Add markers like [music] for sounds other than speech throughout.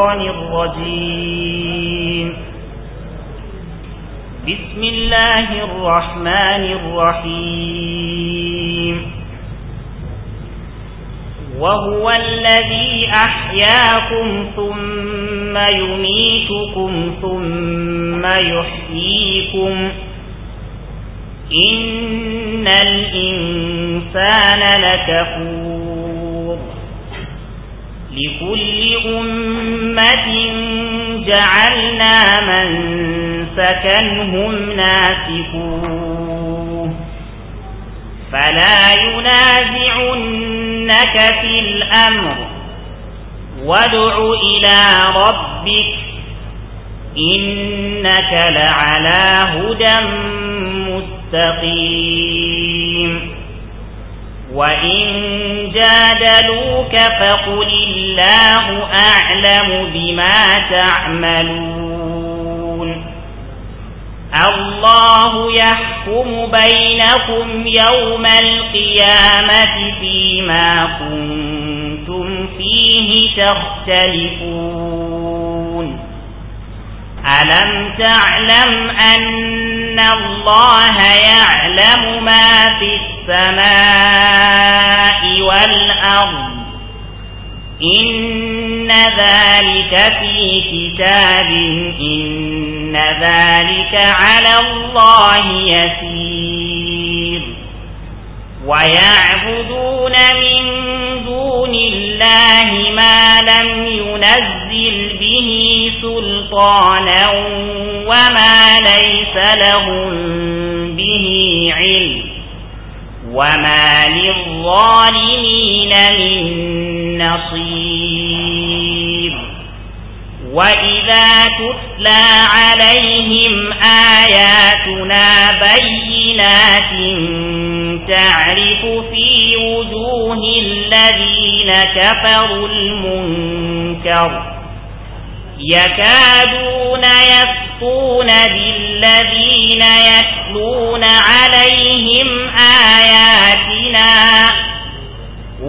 الشيطان الرجيم بسم الله الرحمن الرحيم وهو الذي أحياكم ثم يميتكم ثم يحييكم إن الإنسان لكفور لكل أمة جعلنا من سكنهم ناسكوه فلا ينازعنك في الأمر وادع إلى ربك إنك لعلى هدى مستقيم وإن جادلوك فقل الله أعلم بما تعملون الله يحكم بينكم يوم القيامة فيما كنتم فيه تختلفون ألم تعلم أن الله يعلم ما في السماء والأرض إن ذلك في كتاب إن ذلك على الله يسير ويعبدون من دون الله ما لم ينزل به سلطانا وما ليس لهم به علم وما للظالمين من نصير وإذا تتلى عليهم آياتنا بينات تعرف في وجوه الذين كفروا المنكر يكادون يفتون بالذين يتلون عليهم آياتنا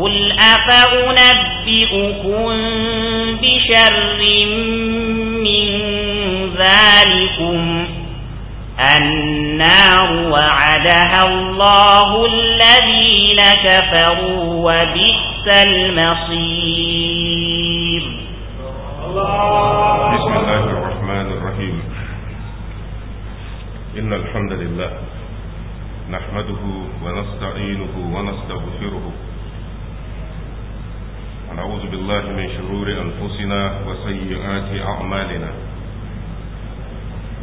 قل أفأنبئكم بشر من ذلكم النار وعدها الله الذين كفروا وبئس المصير بسم الله الرحمن الرحيم إن الحمد لله نحمده ونستعينه ونستغفره ونعوذ بالله من شرور أنفسنا وسيئات أعمالنا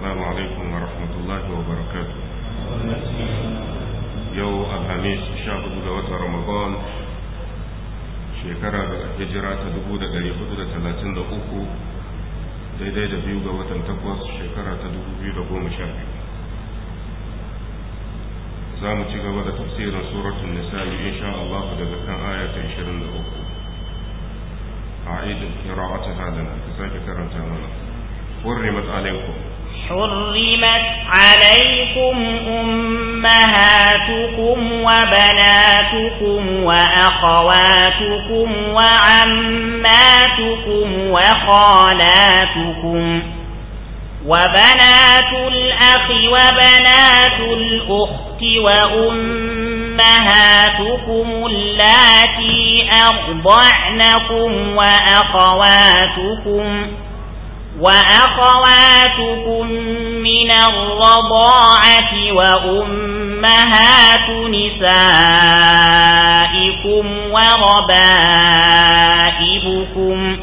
السلام عليكم ورحمة الله وبركاته يو الخميس شاهد دوات رمضان شكرا هجرة تدبود قريبة تلاتين دقوكو daidai da biyu ga watan takwas shekara ta dubu biyu da goma sha biyu za mu ci gaba da tafsirin suratun nisa'i insha Allah daga kan aya ta ishirin da uku a idin kira'ata halin karanta mana hurrimat alaikum حرمت عليكم أمهاتكم وبناتكم وأخواتكم وعماتكم وخالاتكم وبنات الأخ وبنات الأخت وأمهاتكم التي أرضعنكم وأخواتكم وأخواتكم وأخواتكم من الرضاعة وأمهات نسائكم وربائبكم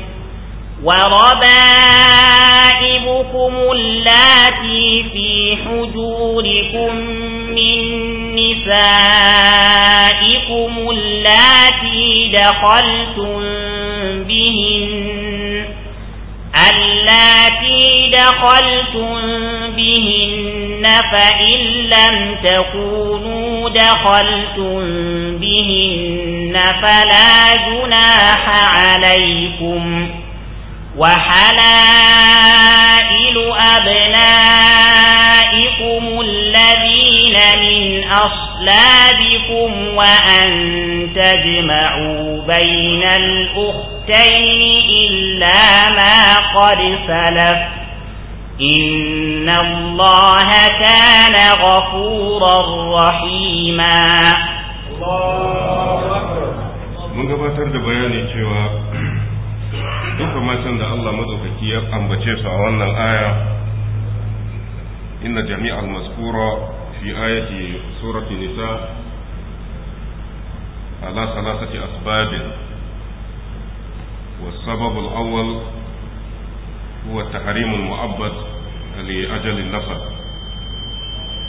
وربائبكم التي في حجوركم من نسائكم التي دخلتم بهن اللاتي دخلتم بهن فإن لم تكونوا دخلتم بهن فلا جناح عليكم وحلائل أبنائكم الذين من أصلابكم وأن تجمعوا بين الأختين إلا ما قد سلف إن الله كان غفورا رحيما الله أكبر من قبل ترد بياني duka matan da Allah madaukaki ya ambace su a wannan aya inna jami'al mazkura fi ayati surati nisa ala salasati asbabin والسبب الأول هو التحريم المؤبد لأجل النسب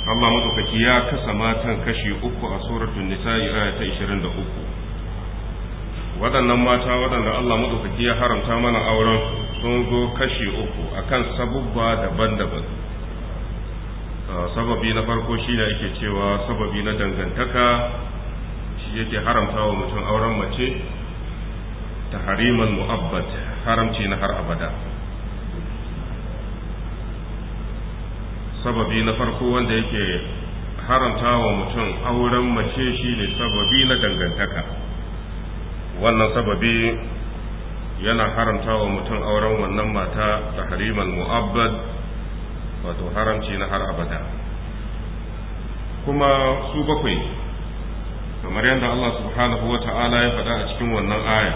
Allah madaukaki ya kasa matan kashi uku a suratul nisa'i aya ta 23 waɗannan mata waɗanda Allah maɗaukaki ya haramta mana auren sun zo kashi uku akan sabubba daban-daban uh, sababi na farko shi ne ake cewa sababi na dangantaka shi yake haramta wa mutum auren mace ta hariman mu'abbat haramci na har abada sababi na farko wanda yake haramta wa mutum auren mace shi ne sababi na dangantaka wannan sababi yana haramta wa mutum auren wannan mata ta harimal mu'abbad wato haramci na har abada kuma su bakwai kamar yadda Allah subhanahu wa ta'ala ya faɗa a cikin wannan aya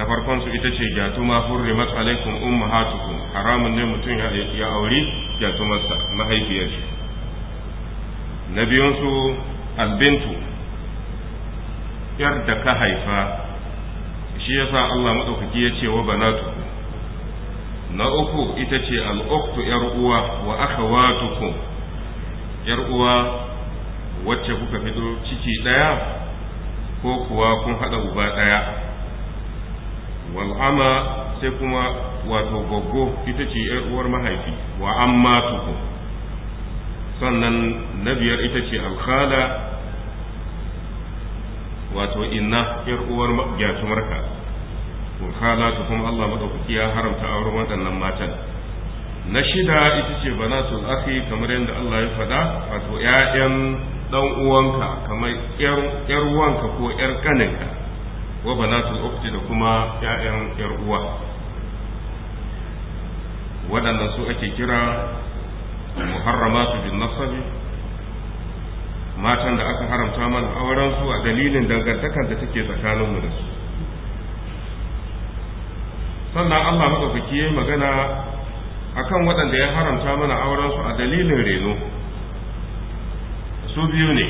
na farkon su ita ce gyatuma hurrimat alaikum ummahatukum haramun ne mutum ya auri gyatumarsa mahaifiyar na biyun su albintu yar da ka haifa shi yasa Allah madaukaki ya ce wa banatu na uku ita ce al'uktu yar uwa wa akhawatukum yar uwa wacce kuka fito ciki daya ko kuwa kun hada uba daya wal'ama sai kuma wato goggo ita ce yar uwar mahaifi wa ammatukum sannan na biyar ita ce alkhala wato inna yar uwar gyatumarka to ta kuma Allah madaukaki ya haramta auren waɗannan matan na shida ita ce banatul akhi kamar yadda Allah ya faɗa wato 'ya'yan dan uwanka kamar 'yar uwanka ko yar kaninka wa banatul ukhti da kuma yayan 'yar uwa waɗannan su ake kira muharramatu bin nasabi matan da aka haramta mana auren su a dalilin dangantakar da take tsakaninmu da su sannan Allah maɗaukaki ya magana akan waɗanda ya haramta mana auren su a dalilin reno su biyu ne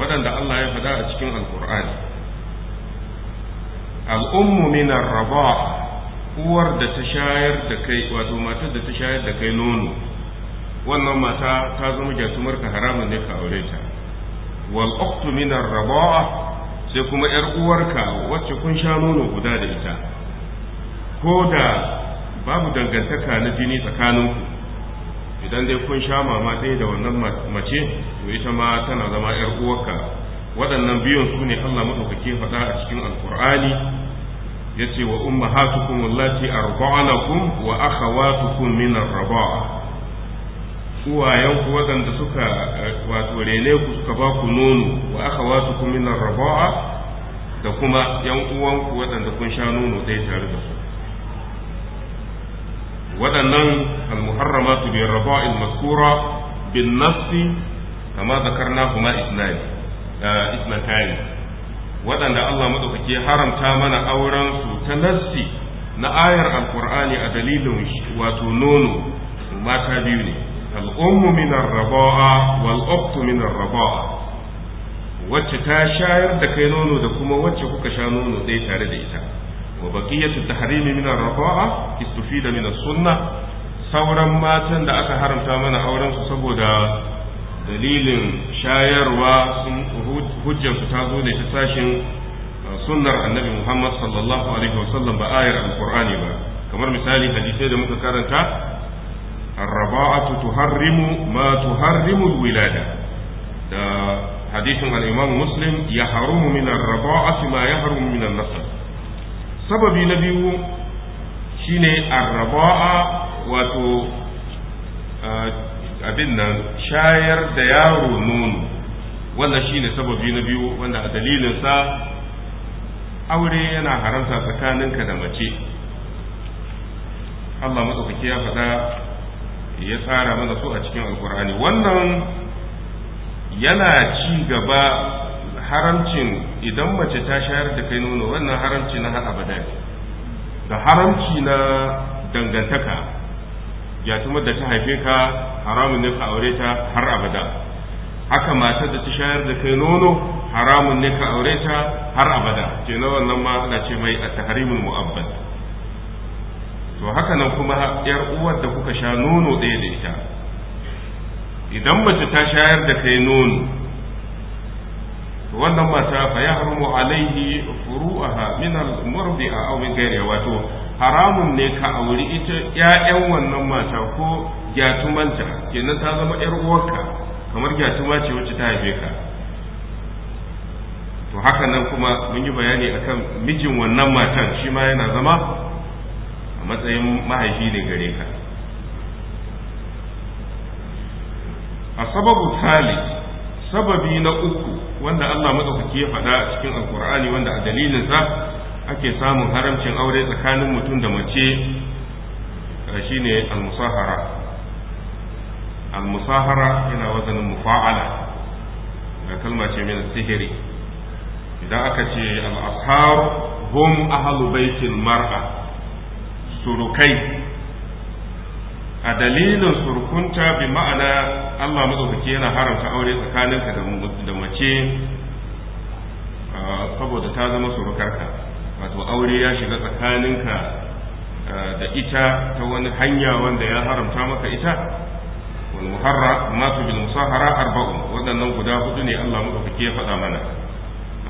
waɗanda Allah ya faɗa a cikin alkur'ani al'ummu minar raba uwar da ta shayar da kai wato matar da ta shayar da kai nono wannan mata ta zama gyasumar ka haramun ne ka aure ta wal ukhtu min ar-raba'a sai kuma yar uwarka wacce kun sha nono guda da ita ko da babu dangantaka na jini tsakaninku idan dai kun sha mama ɗaya da wannan mace to ita ma tana zama yar uwarka waɗannan biyun su ne Allah madaukake faɗa a cikin alkur'ani yace wa ummahatukum allati arba'anakum wa akhawatukum min ar-raba'a ku waɗanda suka eh, wato rene ku suka ba ku nono wa aka wasu ku minar raba'a da kuma yan uwanku waɗanda kun sha nono dai tare da su waɗannan almuharramatu bi raba'il maskura bin nafsi kama zakarna kuma isnani eh, isnatani waɗanda Allah madaukaki ya haramta mana auren su ta nassi na ayar alqur'ani a dalilin wato nono mata biyu ne al'ummu min arraba'a wal uktu min wacce ta shayar da kai nono da kuma wacce kuka sha nono ɗaya tare da ita wa baqiyatu tahrimi min arraba'a istufida min as-sunnah sauran matan da aka haramta mana auren su saboda dalilin shayarwa sun hujjar su ta zo ne ta sashin sunnar annabi Muhammad sallallahu alaihi wasallam ba ayar alqur'ani ba kamar misali hadisai da muka karanta الرضاعة تحرم ما تحرم الولادة ده حديث الإمام مسلم يحرم من الرضاعة ما يحرم من النسب سبب نبيه شيني الرضاعة وتو abin nan shayar da yaro nono wannan shine sababi na biyu wanda a dalilinsa aure yana haramta tsakaninka da mace Allah matsakaki ya faɗa ya tsara mana su a cikin alkur'ani wannan yana ci gaba haramcin idan mace ta shayar da kai nono wannan haramci na har abada da haramci na dangantaka ya tumar da ta haife ka haramun ne ka aure ta har abada haka matar da ta shayar da kai nono haramun ne ka aure ta har abada ke na wannan ma ana ce mai a tahrimul mu'abbad to haka nan kuma yar uwar da kuka sha nono ɗaya da ita idan mace ta shayar da kai nono to wannan mata fa ya harmu alaihi furu'aha min al-murdi'a aw min wato haramun ne ka auri ita ƴaƴan wannan mata ko gyatumanta kenan ta zama 'yar uwarka kamar gyatuma ce wacce ta haife ka to haka nan kuma mun yi bayani akan mijin wannan matan shi ma yana zama a matsayin mahaifi ne gare ka a sababu tali sababi na uku wanda Allah madaukaki ya faɗa a cikin alkur'ani wanda a dalilinsa ake samun haramcin aure tsakanin mutum da mace shi ne almusahara almusahara yana wazanin mufa'ala da kalma ce mai sihiri idan aka ce al hum ahalu baitil mar'a surukai a dalilin surukunta bi ma'ana Allah mazaukaki yana haramta aure tsakaninka da mace saboda ta zama surukarka wato aure ya shiga tsakaninka da ita ta wani hanya wanda ya haramta maka ita wal muharra masu bil musahara arba'u. waɗannan guda hudu ne Allah mazaukaki ya faɗa mana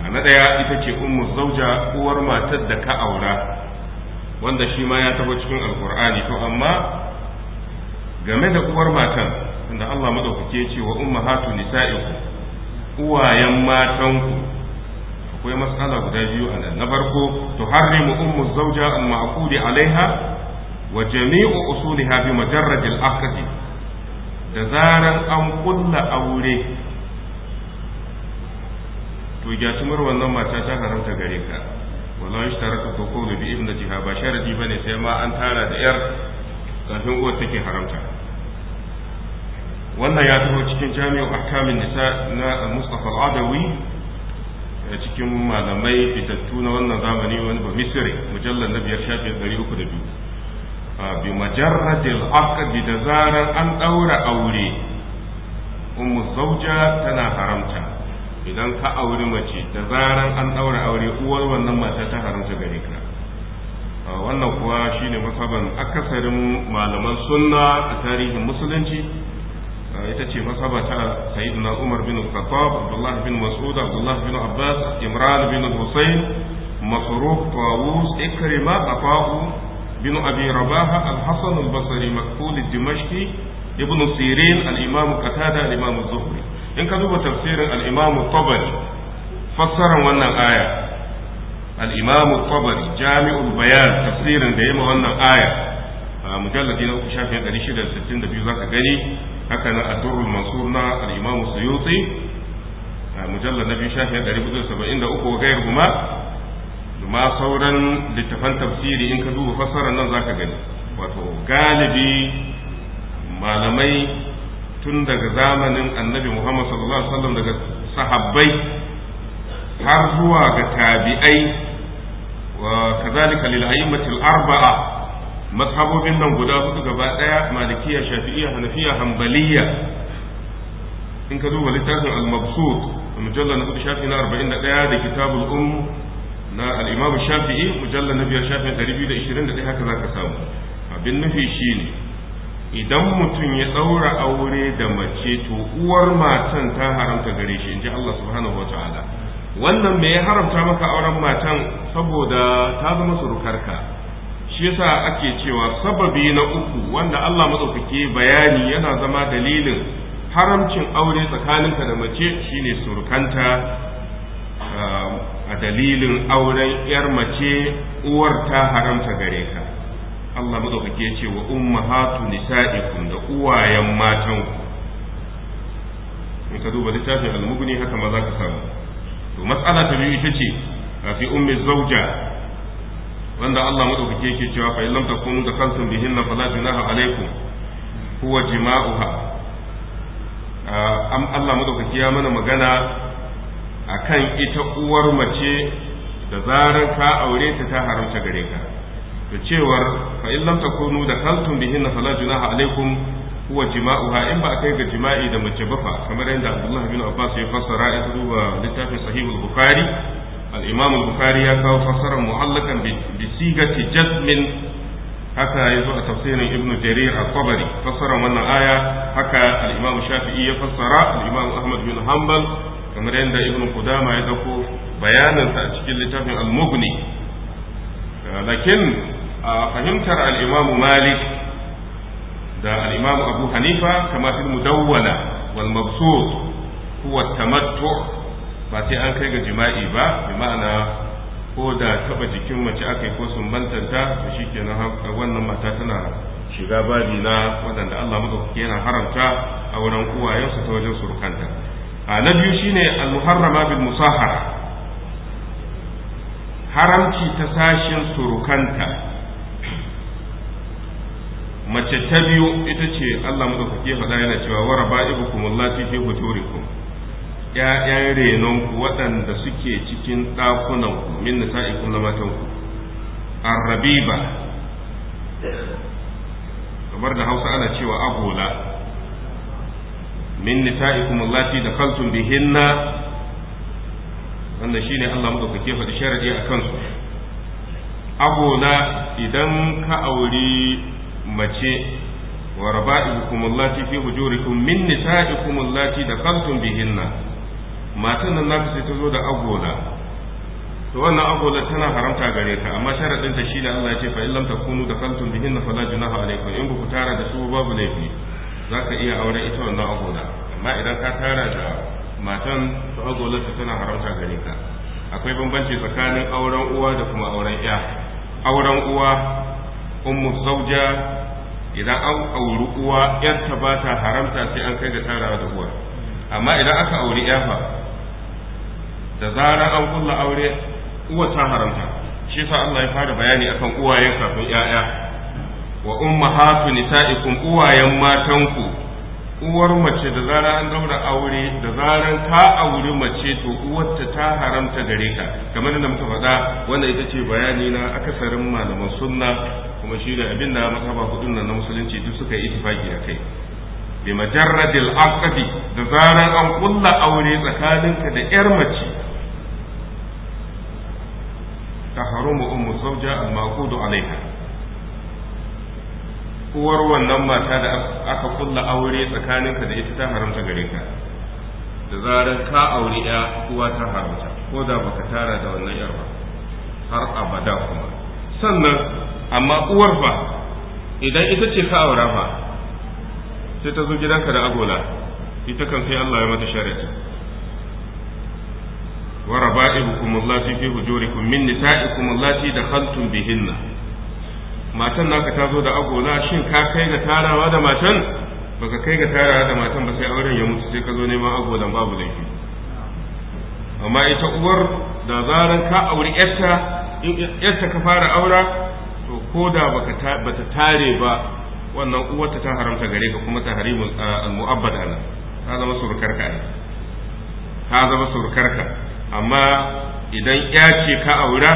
na ɗaya ita ce ummu zauja uwar matar da ka aura wanda shi ma ya taho cikin alkur'ani to amma game da uwar matan inda Allah madaukake ya ce wa ummahatu nisa'ikum uwayen matanku akwai matsala guda biyu a nan na farko mu ummu zawja al-ma'qudi alaiha wa jami'u usuliha bi majarrad al-aqd da zaran an kulla aure to ya gyatumarwar wannan mata ta haramta gare ka wala yushtaratu dukulu bi jiha ba sharadi bane sai ma an tara da yar kafin uwar take haramta wannan ya taho cikin jami'u ahkamin nisa na Mustafa al-Adawi eh, cikin malamai fitattu na wannan zamani wani ba misri mujallar na biyar shafi ɗari uku da biyu bi majarradil aqdi da zarar an ɗaura aure ummu zauja tana haramta idan ka auri mace da zaran an ɗaura aure uwar wannan mata ta haramta gare ka wannan kuwa shine masaban akasarin malaman sunna a tarihin musulunci ita ce masaba ta sayyidina Umar bin Khattab Abdullah bin Mas'ud Abdullah bin Abbas Imran bin Hussein Masruq Tawus Ikrima Afahu bin Abi Rabaha, Al-Hasan Al-Basri Maktul Dimashqi Ibn Sirin Al-Imam Qatada Al-Imam Az-Zuhri in ka duba tafsirin al-imam tabari fassaran wannan aya al-imam tabari jami'ul bayan tafsirin da ya ma wannan aya A mujalladi na uku shida da da sittin biyu za ka gani haka na ad-durrul mansur na al-imam A mujallad na biyu shafin 473 wa gayar kuma. ma sauran littafan tafsiri in ka duba fassarar nan za ka gani wato galibi malamai tun daga zamanin annabi Muhammad sallallahu alaihi wasallam daga sahabbai har zuwa ga tabi'ai wa kazalika lil a'immatil arba'a mazhabobin nan guda hudu gaba daya malikiya shafi'iyya hanafiya hanbaliya in ka duba littafin al-mabsut mujallal na hudu shafi na 41 da kitabul umm na al-imam shafi'i mujallal na biyar shafi 221 haka zaka samu abin nufi shine idan mutum ya ɗaura aure da mace to uwar matan ta haramta gare shi in ji Allah subhanahu ta'ala wannan me ya haramta maka auren matan saboda ta zama surukarka shi yasa ake cewa sababi na uku wanda Allah madaukake bayani yana zama dalilin haramcin aure tsakaninka da mace shine surukanta a dalilin auren yar mace uwar ta haramta gare ka Allah madaukake ce wa ummahatu nisa'ikum da uwayen matan ku in ka duba littafin al-mughni haka ma za ka samu to mas'ala ta biyu ita ce fi ummi zawja wanda Allah madaukake yake cewa fa illam takunu da bihin bihinna fala junaha alaikum huwa jima'uha am Allah madaukake ya mana magana akan ita uwar mace da zarar ka aure ta ta haramta gare ka da cewar fa in lam takunu da kaltum bihin fala junaha alaikum huwa jima'uha in ba kai ga jima'i da mace ba fa kamar yadda Abdullah bin Abbas ya fassara ya duba littafin sahihul bukhari al-imam al-bukhari ya kawo fassarar mu'allakan bi sigati jazmin haka ya zo a tafsirin ibnu jarir at-tabari fassarar wannan aya haka al-imam shafi'i ya fassara al-imam ahmad bin hanbal kamar yadda ibnu qudama ya dauko bayanansa a cikin littafin al-mughni lakin a fahimtar al'imamu malik da al'imamu abu hanifa kama fil mudawwana wal mabsut kuwa tamattu ba sai an kai ga jima'i ba bi ma'ana ko da taba jikin mace aka yi ko sumbantanta to shikenan wannan mata tana shiga babi na waɗanda Allah madaukake yana haramta a wurin uwayensu ta wajen surukanta a na biyu shine al-muharrama bil musahara haramci ta sashin surukanta mace ta biyu ita ce Allah madaukake faɗa yana cewa wa raba'ibukum allati fi buturikum ƴaƴan renon ku waɗanda suke cikin ɗakunan ku min nisa'ikum na matan ku arrabiba kamar da Hausa ana cewa agola min nisa'ikum allati dakhaltum bihinna wannan shine Allah madaukake faɗi sharadi akan su agola idan ka auri mace wa raba'ikum allati fi hujurikum min nisa'ikum allati dakaltum bihinna matan nan naka sai ta zo da agola to wannan agola tana haramta gare ka amma sharadin ta shine Allah ya ce fa illam takunu dakaltum bihinna fala junaha alaykum in ku tara da su babu laifi zaka iya aure ita wannan agola amma idan ka tara da matan to ta tana haramta gare ka akwai bambanci tsakanin auren uwa da kuma auren ya auren uwa ummu zauja idan an auri uwa yarta ba ta haramta sai an kai ga tarawa da uwa amma idan aka auri yafa da zarar an kulla aure uwa ta haramta shi yasa Allah ya fara bayani akan uwayen kafin 'ya'ya wa ummahatu nisa'ikum uwayen matanku uwar mace da zarar an daura aure da zarar ta auri mace to uwarta ta haramta gare ka kamar da muka faɗa wanda ita ce bayani na akasarin malaman sunna kuma shi da abin da masaba kudin nan na musulunci duk suka yi ittifaki a kai bi majarradil aqdi da zarar an kulla aure tsakaninka da yar mace ta harumu ummu zawja al-maqudu alaiha uwar wannan mata da aka kulla aure tsakaninka da ita ta haramta gare ka da zarar ka aure ya uwa ta haramta ko da baka tara da wannan yar ba har abada kuma sannan amma uwar fa idan ita ce ka aura fa sai ta zo gidanka da agola ita kan sai Allah ya mata shari'a wa raba'ibukum allati fi hujurikum min nisa'ikum allati dakhaltum bihinna matan naka ta zo da Na shin ka kai ga tarawa da matan baka kai ga tarawa da matan ba sai auren ya mutu sai ka zo neman dan babu laifi amma ita uwar da zaran ka auri yarta yarta ka fara aura to ko da baka bata tare ba wannan uwarta ta haramta gare ka kuma ta harimu al-mu'abbada na ta zama surkar ka ta zama ka amma idan ya ce ka aura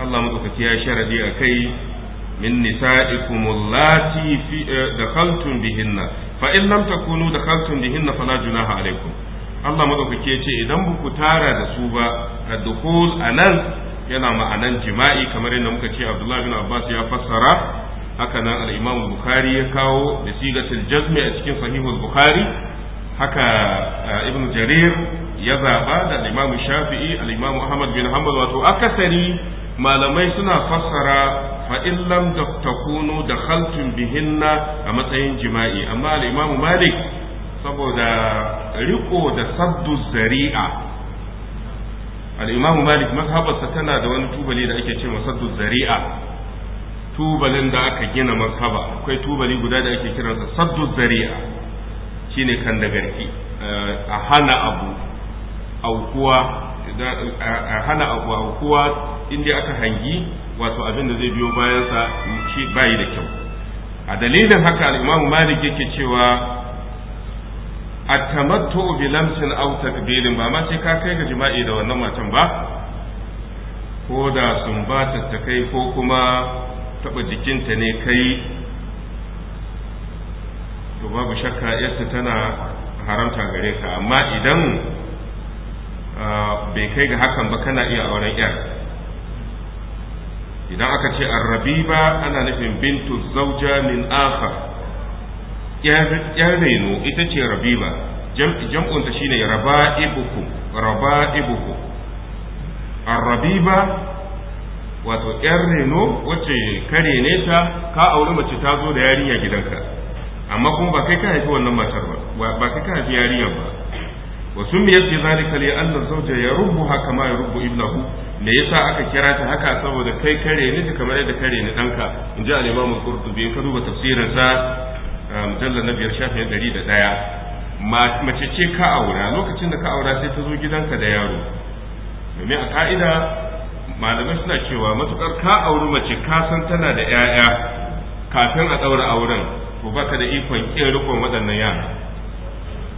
Allah madaukaki ya sharadi a kai min nisa'ikum allati fi eh, dakhaltum bihinna fa in lam takunu dakhaltum bihinna fala junaha alaikum Allah madaukake ce idan baku tara da su ba ad a nan yana ma'anar jima'i kamar yadda muka ce Abdullah bin Abbas ya fassara haka nan al-Imam Bukhari ya kawo da sigatul jazmi a cikin sahihul Bukhari haka eh, Ibn Jarir ya zaba da al-Imam Shafi'i al-Imam Ahmad bin Hanbal wato akasari malamai suna fassara fa in lam takunu da khaltun bihinna a matsayin jima'i amma al-imamu malik saboda riko da saddu zari'a al-imamu malik mazhabarsa tana da wani tubali da ake cewa saddu zari'a tubalin da aka gina mazhaba akwai tubali guda da ake kiransa saddu zari'a shine kan da garki eh, a hana abu aukuwa a hana abu aukuwa in dai aka hangi wato abin da zai biyo bayansa shi bayi da kyau a dalilin haka al malik yake cewa a tamattu bi lamsin aw takbilin ba ma sai ka kai ga jima'i da wannan matan ba ko da sun ba ta kai ko kuma taba jikinta ne kai to babu shakka yarta tana haramta gare ka amma idan ah, bai kai ga hakan ba kana iya auren yar idan aka ce arrabiba ana nufin bintu zauja min akhar ya reno ita ce rabiba jam'unta shine raba'ibukum raba'ibukum arrabiba wato yar reno wacce kare ne ta ka aure mace ta zo da yarinya gidanka amma kuma ba kai ka haifi wannan matar ba ba kai ka haifi yarinyar ba wasu miyar bi zalika li rubu haka ma ya rubu ibnahu me yasa aka kira ta haka saboda kai kare ni ta kamar yadda kare ni danka in ji al-Imam al-Qurtubi ka duba tafsirin sa mujallal na biyar shafin ɗaya. mace ce ka aura lokacin da ka aura sai ta zo gidanka da yaro domin a ka'ida malamai suna cewa matukar ka auri mace ka san tana da 'ya'ya kafin a daura auren ko baka da ikon kin rikon waɗannan yara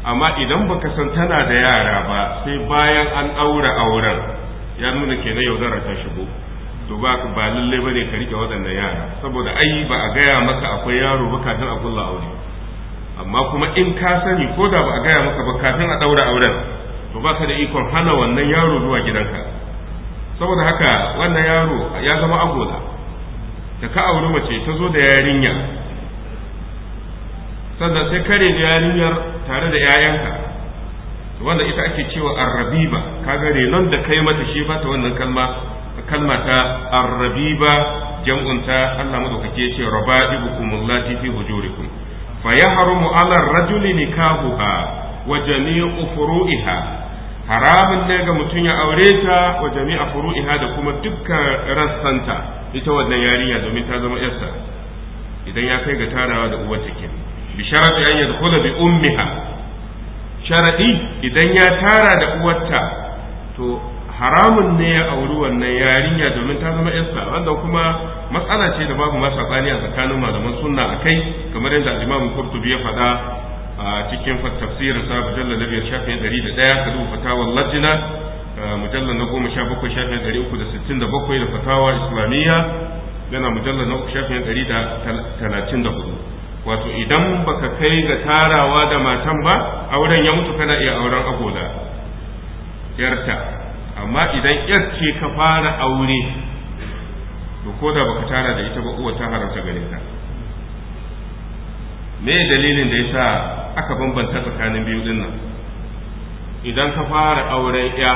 amma idan baka san tana da yara ba sai bayan an aura auren ya nuna kenan yaudara ta shigo to ba ba lalle ne ka rike waɗannan yara saboda ai ba a gaya maka akwai yaro ba kafin a kulla aure amma kuma in ka sani ko da ba a gaya maka ba kafin a ɗaura auren to ba ka da ikon hana wannan yaro zuwa gidanka saboda haka wannan yaro ya zama agola da ka auri mace ta zo da yarinya sannan sai kare da yarinyar tare da 'ya'yanka wanda ita ake cewa arrabiba kaga renon da kai mata shi ba ta wannan kalma kalma ta arrabiba jam'un ta Allah madaukake yace raba'ibukum allati fi hujurikum fa yahrumu 'ala ar-rajuli nikahuha wa jami'u furu'iha haramun ne ga mutum ya aure ta wa jami'a furu'iha da kuma dukkan rassanta ita wannan yarinya domin ta zama yarsa idan ya kai ga tarawa da uwar take bi sharadi an yadkhula bi ummiha sharaɗi idan ya tara da uwarta to haramun ne ya auri wannan yarinya domin ta zama yarsa wanda kuma matsala ce da babu masa bani a tsakanin malaman sunna a kai kamar yadda imamu kurtubi ya faɗa a cikin tafsirin sa mujallal na biyar shafin ɗari da ɗaya ka duba fatawar lajina mujallal na goma sha bakwai shafin ɗari uku da sittin da bakwai da fatawa islamiyya yana mujallal na uku shafin ɗari da talatin da hudu wato idan baka kai ga tarawa da matan ba auren ya mutu kana iya auren agola yarta amma idan yar ce ka fara aure to ko da baka tara da ita ba uwa ta haramta gare ka me dalilin da yasa aka bambanta tsakanin biyu din nan idan ka fara auren ya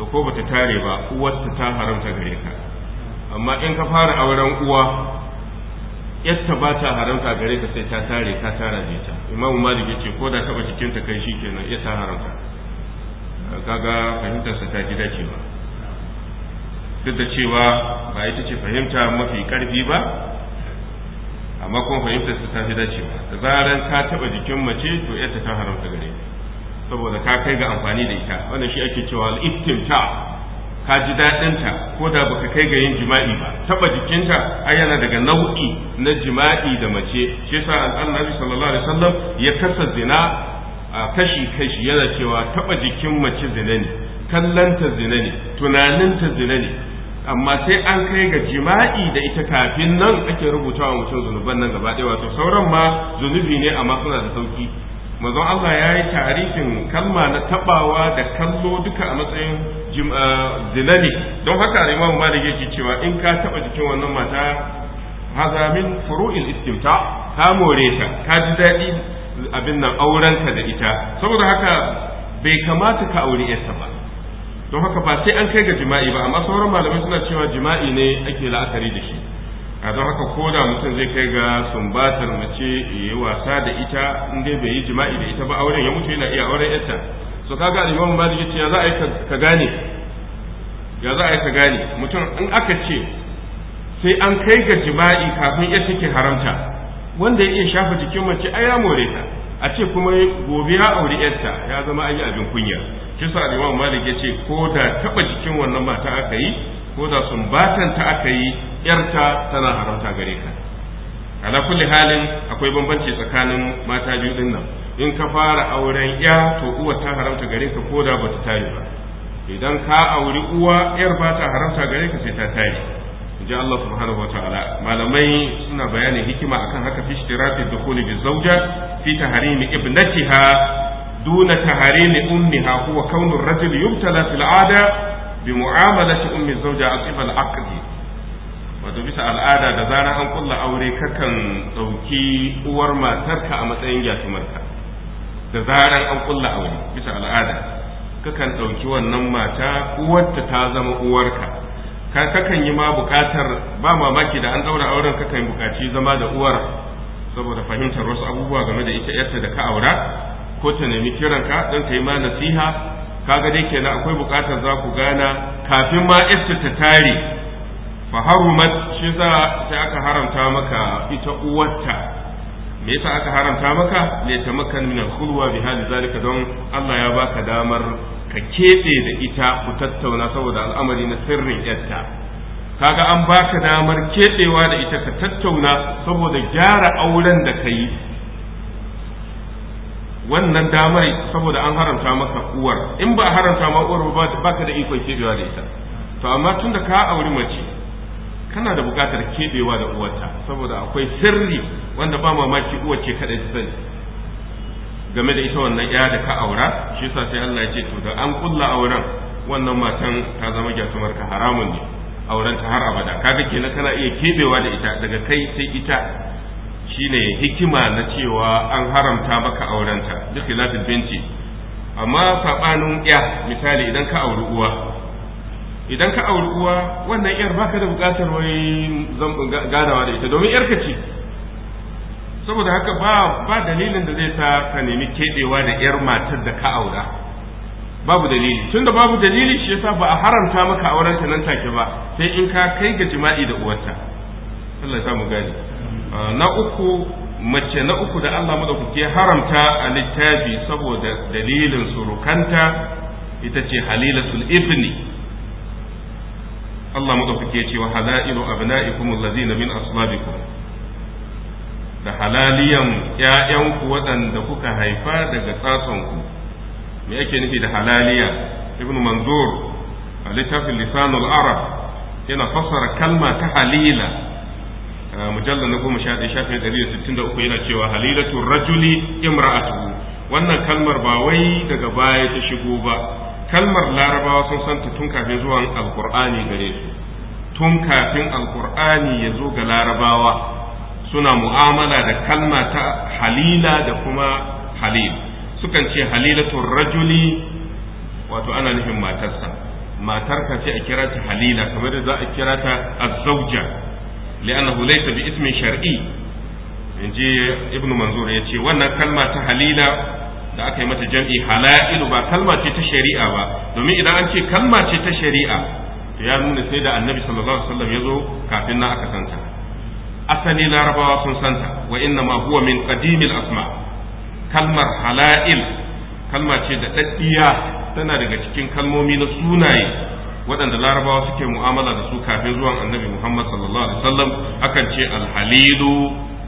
to ko bata tare ba uwarta ta haramta gare ka amma in ka fara auren uwa yatta ba ta haramta gare ka sai ta tare ka tara da ta imamu malik ce ko da taba cikin ta kai kenan ya ta haramta kaga fahimtar sa ta ji dacewa duk da cewa ba ita ce fahimta mafi karfi ba amma kuma fahimtar sa ta gida dacewa da zaran ka taba jikin mace to yatta ta haramta gare saboda ka kai ga amfani da ita wannan shi ake cewa al-istimta' ka ji daɗinta ko da baka kai ga yin jima'i ba taba jikinta ai yana daga nau'i na jima'i da mace shi yasa annabi sallallahu alaihi wasallam ya kasa zina kashi kashi yana cewa taba jikin mace zina ne kallanta zina ne tunaninta zina ne amma sai an kai ga jima'i da ita kafin nan ake rubuta wa mutum zunuban nan gaba ɗaya wato sauran ma zunubi ne amma suna da sauki manzon Allah ya yi tarihin kalma na tabawa da kallo duka a matsayin Ah, zina don haka imamu malik yake cewa in ka taba jikin wannan mata haza min furu'il istimta ka more ta ka ji daɗi abin nan aurenka da ita saboda haka bai kamata ka auri yarsa ba don haka ba sai an kai ga jima'i ba amma sauran malamai suna cewa jima'i ne ake la'akari da shi a don haka ko da mutum zai kai ga sumbatar mace wasa da ita in dai bai yi jima'i da ita ba auren ya mutu yana iya auren yarsa to kaga al-imam malik ce ya za a yi ka gane ya za a yi ka gane mutum in aka ce sai an kai ga jima'i kafin ya take haramta wanda ya iya shafa jikin mace ai ya more ta a ce kuma gobe ya auri yarta ya zama an yi abin kunya shi sa al-imam malik ce ko da taba jikin wannan mata aka yi ko da sumbatan ta aka yi yarta tana haramta gare ka ala kulli halin akwai bambanci tsakanin mata biyu din nan in ka fara auren ya to uwa ta haramta gare ka ko da bata tare ba idan ka auri uwa yar ba ta haramta gare ka sai ta tare inji Allah subhanahu wataala malamai suna bayanin hikima akan haka fi ishtirafi dukhuli bi zawja fi tahrimi ibnatiha duna tahrimi ummiha huwa kaunu rajul yubtala fil 'ada bi mu'amalati ummi zawja aqib al wato bisa al'ada da zarar an kulla aure kakan ɗauki uwar matarka a matsayin gyatumarka da zarar an kulla aure bisa al'ada kakan ɗauki wannan mata uwarta ta zama uwarka kakan yi ma bukatar ba mamaki da an ɗaura auren kakan bukaci zama da uwar saboda fahimtar wasu abubuwa game da ita yarta da ka aura ko ta nemi kiranka don ta yi ma nasiha kaga dai kenan akwai bukatar za ku gana kafin ma yarta ta tare fa harumat shi za sai aka haramta maka ita uwarta me yasa aka haramta maka ne ta makan min alkhulwa bi hali zalika don Allah ya baka damar ka kebe da ita ku tattauna saboda al'amari na sirrin yarta kaga an baka damar kebewa da ita ka tattauna saboda gyara auren da kai wannan damar saboda an haramta maka uwar in ba haramta ma uwar ba ka da ikon kebewa da ita to amma tunda ka auri mace kana da bukatar keɓewa da uwarta saboda akwai sirri wanda ba mamaki uwar ce kada ta game da ita wannan ya da ka aura shi yasa sai Allah ya ce to da an kulla auren wannan matan ta zama gyatumar ka haramun ne auren ta har abada kaga kenan kana iya keɓewa da ita daga kai sai ita shine hikima na cewa an haramta maka aurenta duk lafin binti amma sabanin ya misali idan ka auri uwa idan ka auri uwa wannan yar baka da bukatar wai ganawa da ita domin yarka ce saboda haka ba ba dalilin da zai sa ka nemi keɓewa da yar matar da ka aura babu dalili tunda babu dalili shi yasa ba a haramta maka auren ta nan take ba sai in ka kai ga jima'i da uwarta Allah ya mu gani ah, na uku mace na uku da Allah madaukake haramta a littafi saboda dalilin surukanta ita ce halilatul ibni Allah madaukake ya ce wa halailu abna'ikum allazina min aslabikum da halaliyan ƴaƴanku waɗanda kuka haifa daga tsatsonku me yake nufi da halaliya ibn manzur a littafin lisanul arab yana fassara kalma ta halila mujalla na goma sha ɗaya shafi ɗari da sittin da uku yana cewa halilatun rajuli imra'atu wannan kalmar ba wai daga baya ta shigo ba kalmar larabawa sun santa tun kafin zuwan alkur'ani gare su tun kafin alkur'ani ya zo ga larabawa suna mu'amala da kalma ta halila da kuma halil sukan ce halilatun rajuli wato ana nufin matarsa ka ce a kira ta halila kamar da za a kira ta azzauja li'annahu laysa bi ismin shar'i inji ibnu manzur yace wannan kalma ta halila da aka yi mata jam'i hala'ilu ba kalma ce ta shari'a ba domin idan an ce kalma ce ta shari'a to ya nuna sai da annabi sallallahu alaihi wasallam ya zo kafin na aka santa asali larabawa sun santa wa inna ma huwa min qadimil asma kalmar hala'il kalma ce da daddiya tana daga cikin kalmomi na sunaye waɗanda larabawa suke mu'amala da su kafin zuwan annabi muhammad sallallahu alaihi wasallam akan ce alhalilu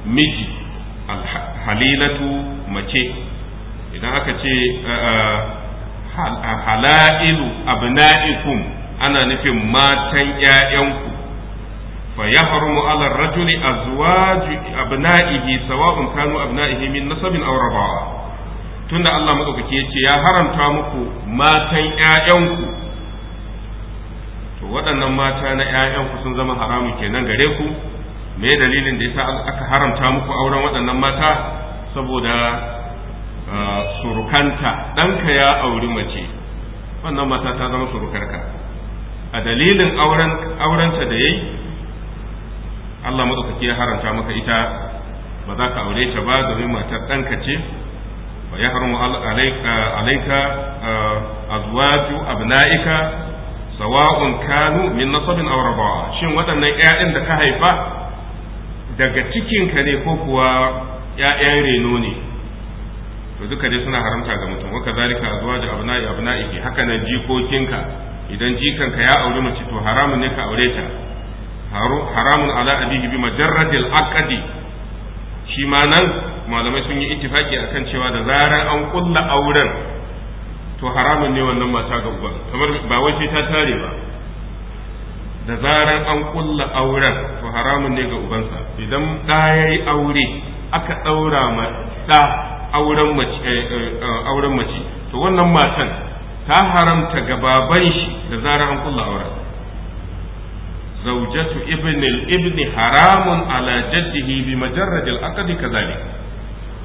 miji alhalilatu mace idan aka ce hala'ilu abna'ikum ana nufin matan ‘ya'yanku fa ya harmu ala rajuli a abna'ihi sawa'un kanu abna'ihi min nasabin aurabawa tunda Allah maɗaukaki yace ya haramta muku matan ‘ya'yanku to waɗannan mata na ‘ya'yanku sun zama haramun kenan gare ku me dalilin da yasa aka haramta muku auren waɗannan mata saboda surukanta ɗanka ya auri mace wannan mata ta zama surukarka a dalilin aurenta da yayi Allah maɗaukaki ya haranta maka ita ba za ka aure ta ba domin matar ɗanka ce wa ya haramu alaika azwaju abna'ika sawa'un kanu min nasabin aurabawa shin waɗannan 'ya'yan da ka haifa daga cikinka ne ko kuwa 'ya'yan reno ne to duka dai suna haramta ga mutum waka zalika da abna'i abna'ihi haka nan jikokinka idan jikanka ya auri mace to haramun ne ka aure ta haramun ala abihi bi majarradil aqdi shi ma nan malamai sun yi ittifaki akan cewa da zarar an kulla auren to haramun ne wannan mata ga uban kamar ba wai sai ta tare ba da zarar an kulla auren to haramun ne ga ubansa idan da yayi aure aka daura ma da Eh, eh, eh, auren mace to wannan matan ta haramta ga baban shi da zarar an kulla auren Ibni, Haramun, Ala, jaddihi bi majarrad al-aqd kadhalik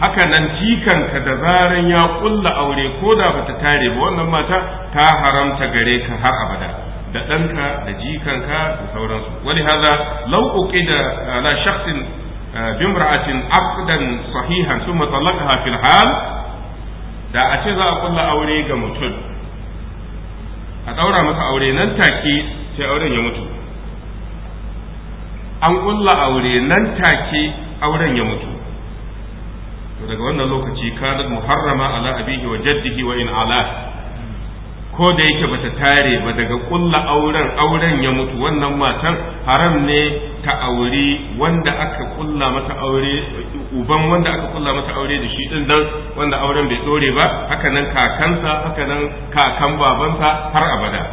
haka nan jikanka da zarar ya kulla aure ko da bata tare ba wannan mata ta haramta gare ka har abada da danka da jikanka da sauransu wani haza lau uqida ala shakhsin bimra'atin aqdan sahihan thumma talaqaha fil hal da a ce za a kulla aure ga mutum a daura masa aure nan take sai auren ya mutu an kulla aure nan take auren ya mutu to daga wannan lokaci kanat muharrama ala abihi wa jaddihi wa in ala ko da yake ta tare ba daga kulla auren auren ya mutu wannan matar haram ne ta auri wanda aka kulla mata aure uban wanda aka kulla mata aure da shi din dan wanda auren bai dore ba haka nan kakansa haka nan kakan babansa har abada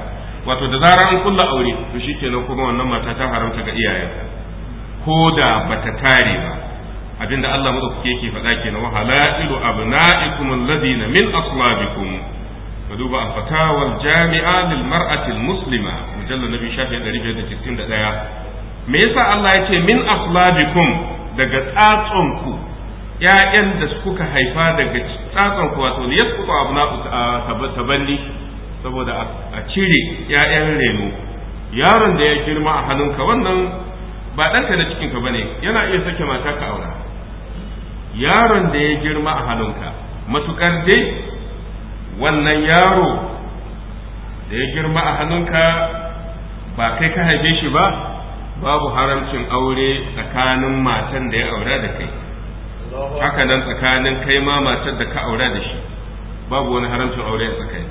wato da zarar an kulla aure to shikenan kuma wannan mata ta haramta ga iyayenta ko da ba ta tare ba abinda Allah mutum yake faɗa kenan wa halailu abna'ikum alladhina min aslabikum ka duba a fatawar jami'a lil mar'atil muslima mujallar nabi shafi ɗaya. me yasa Allah ya ce min aslabikum daga tsatsonku ƴaƴan da kuka haifa daga tsatsonku wato yasqutu abna'u tabanni saboda a cire ƴaƴan lemu. yaron da ya girma a hannunka wannan ba ɗanka na cikinka bane yana iya sake mata ka aura yaron da ya girma a hannunka matukar dai wannan yaro da ya girma a hannunka ba kai ka haife shi ba babu haramcin aure tsakanin matan da ya aura da kai haka nan tsakanin kai ma matar da ka aura da shi babu wani haramcin aure a tsakani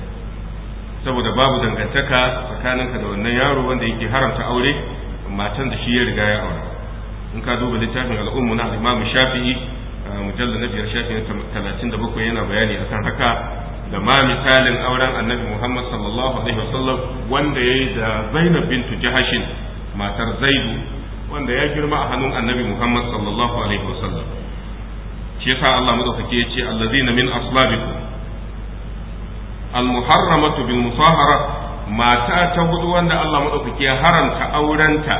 saboda babu dangantaka tsakaninka da wannan yaro wanda yake haramta aure matan da shi ya riga ya aura in ka duba littafin al'ummu na al-imam shafi'i mujallar na biyar shafi talatin da bakwai yana bayani akan haka da ma misalin auren annabi Muhammad sallallahu alaihi wasallam wanda ya yi da Zainab bintu Jahashin matar Zaidu wanda ya girma a hannun annabi Muhammad sallallahu alaihi wasallam shi yasa Allah madaukake ya ce allazina min aslabikum almuharramatu bil musahara mata ta hudu wanda Allah madaukake ya haramta aurenta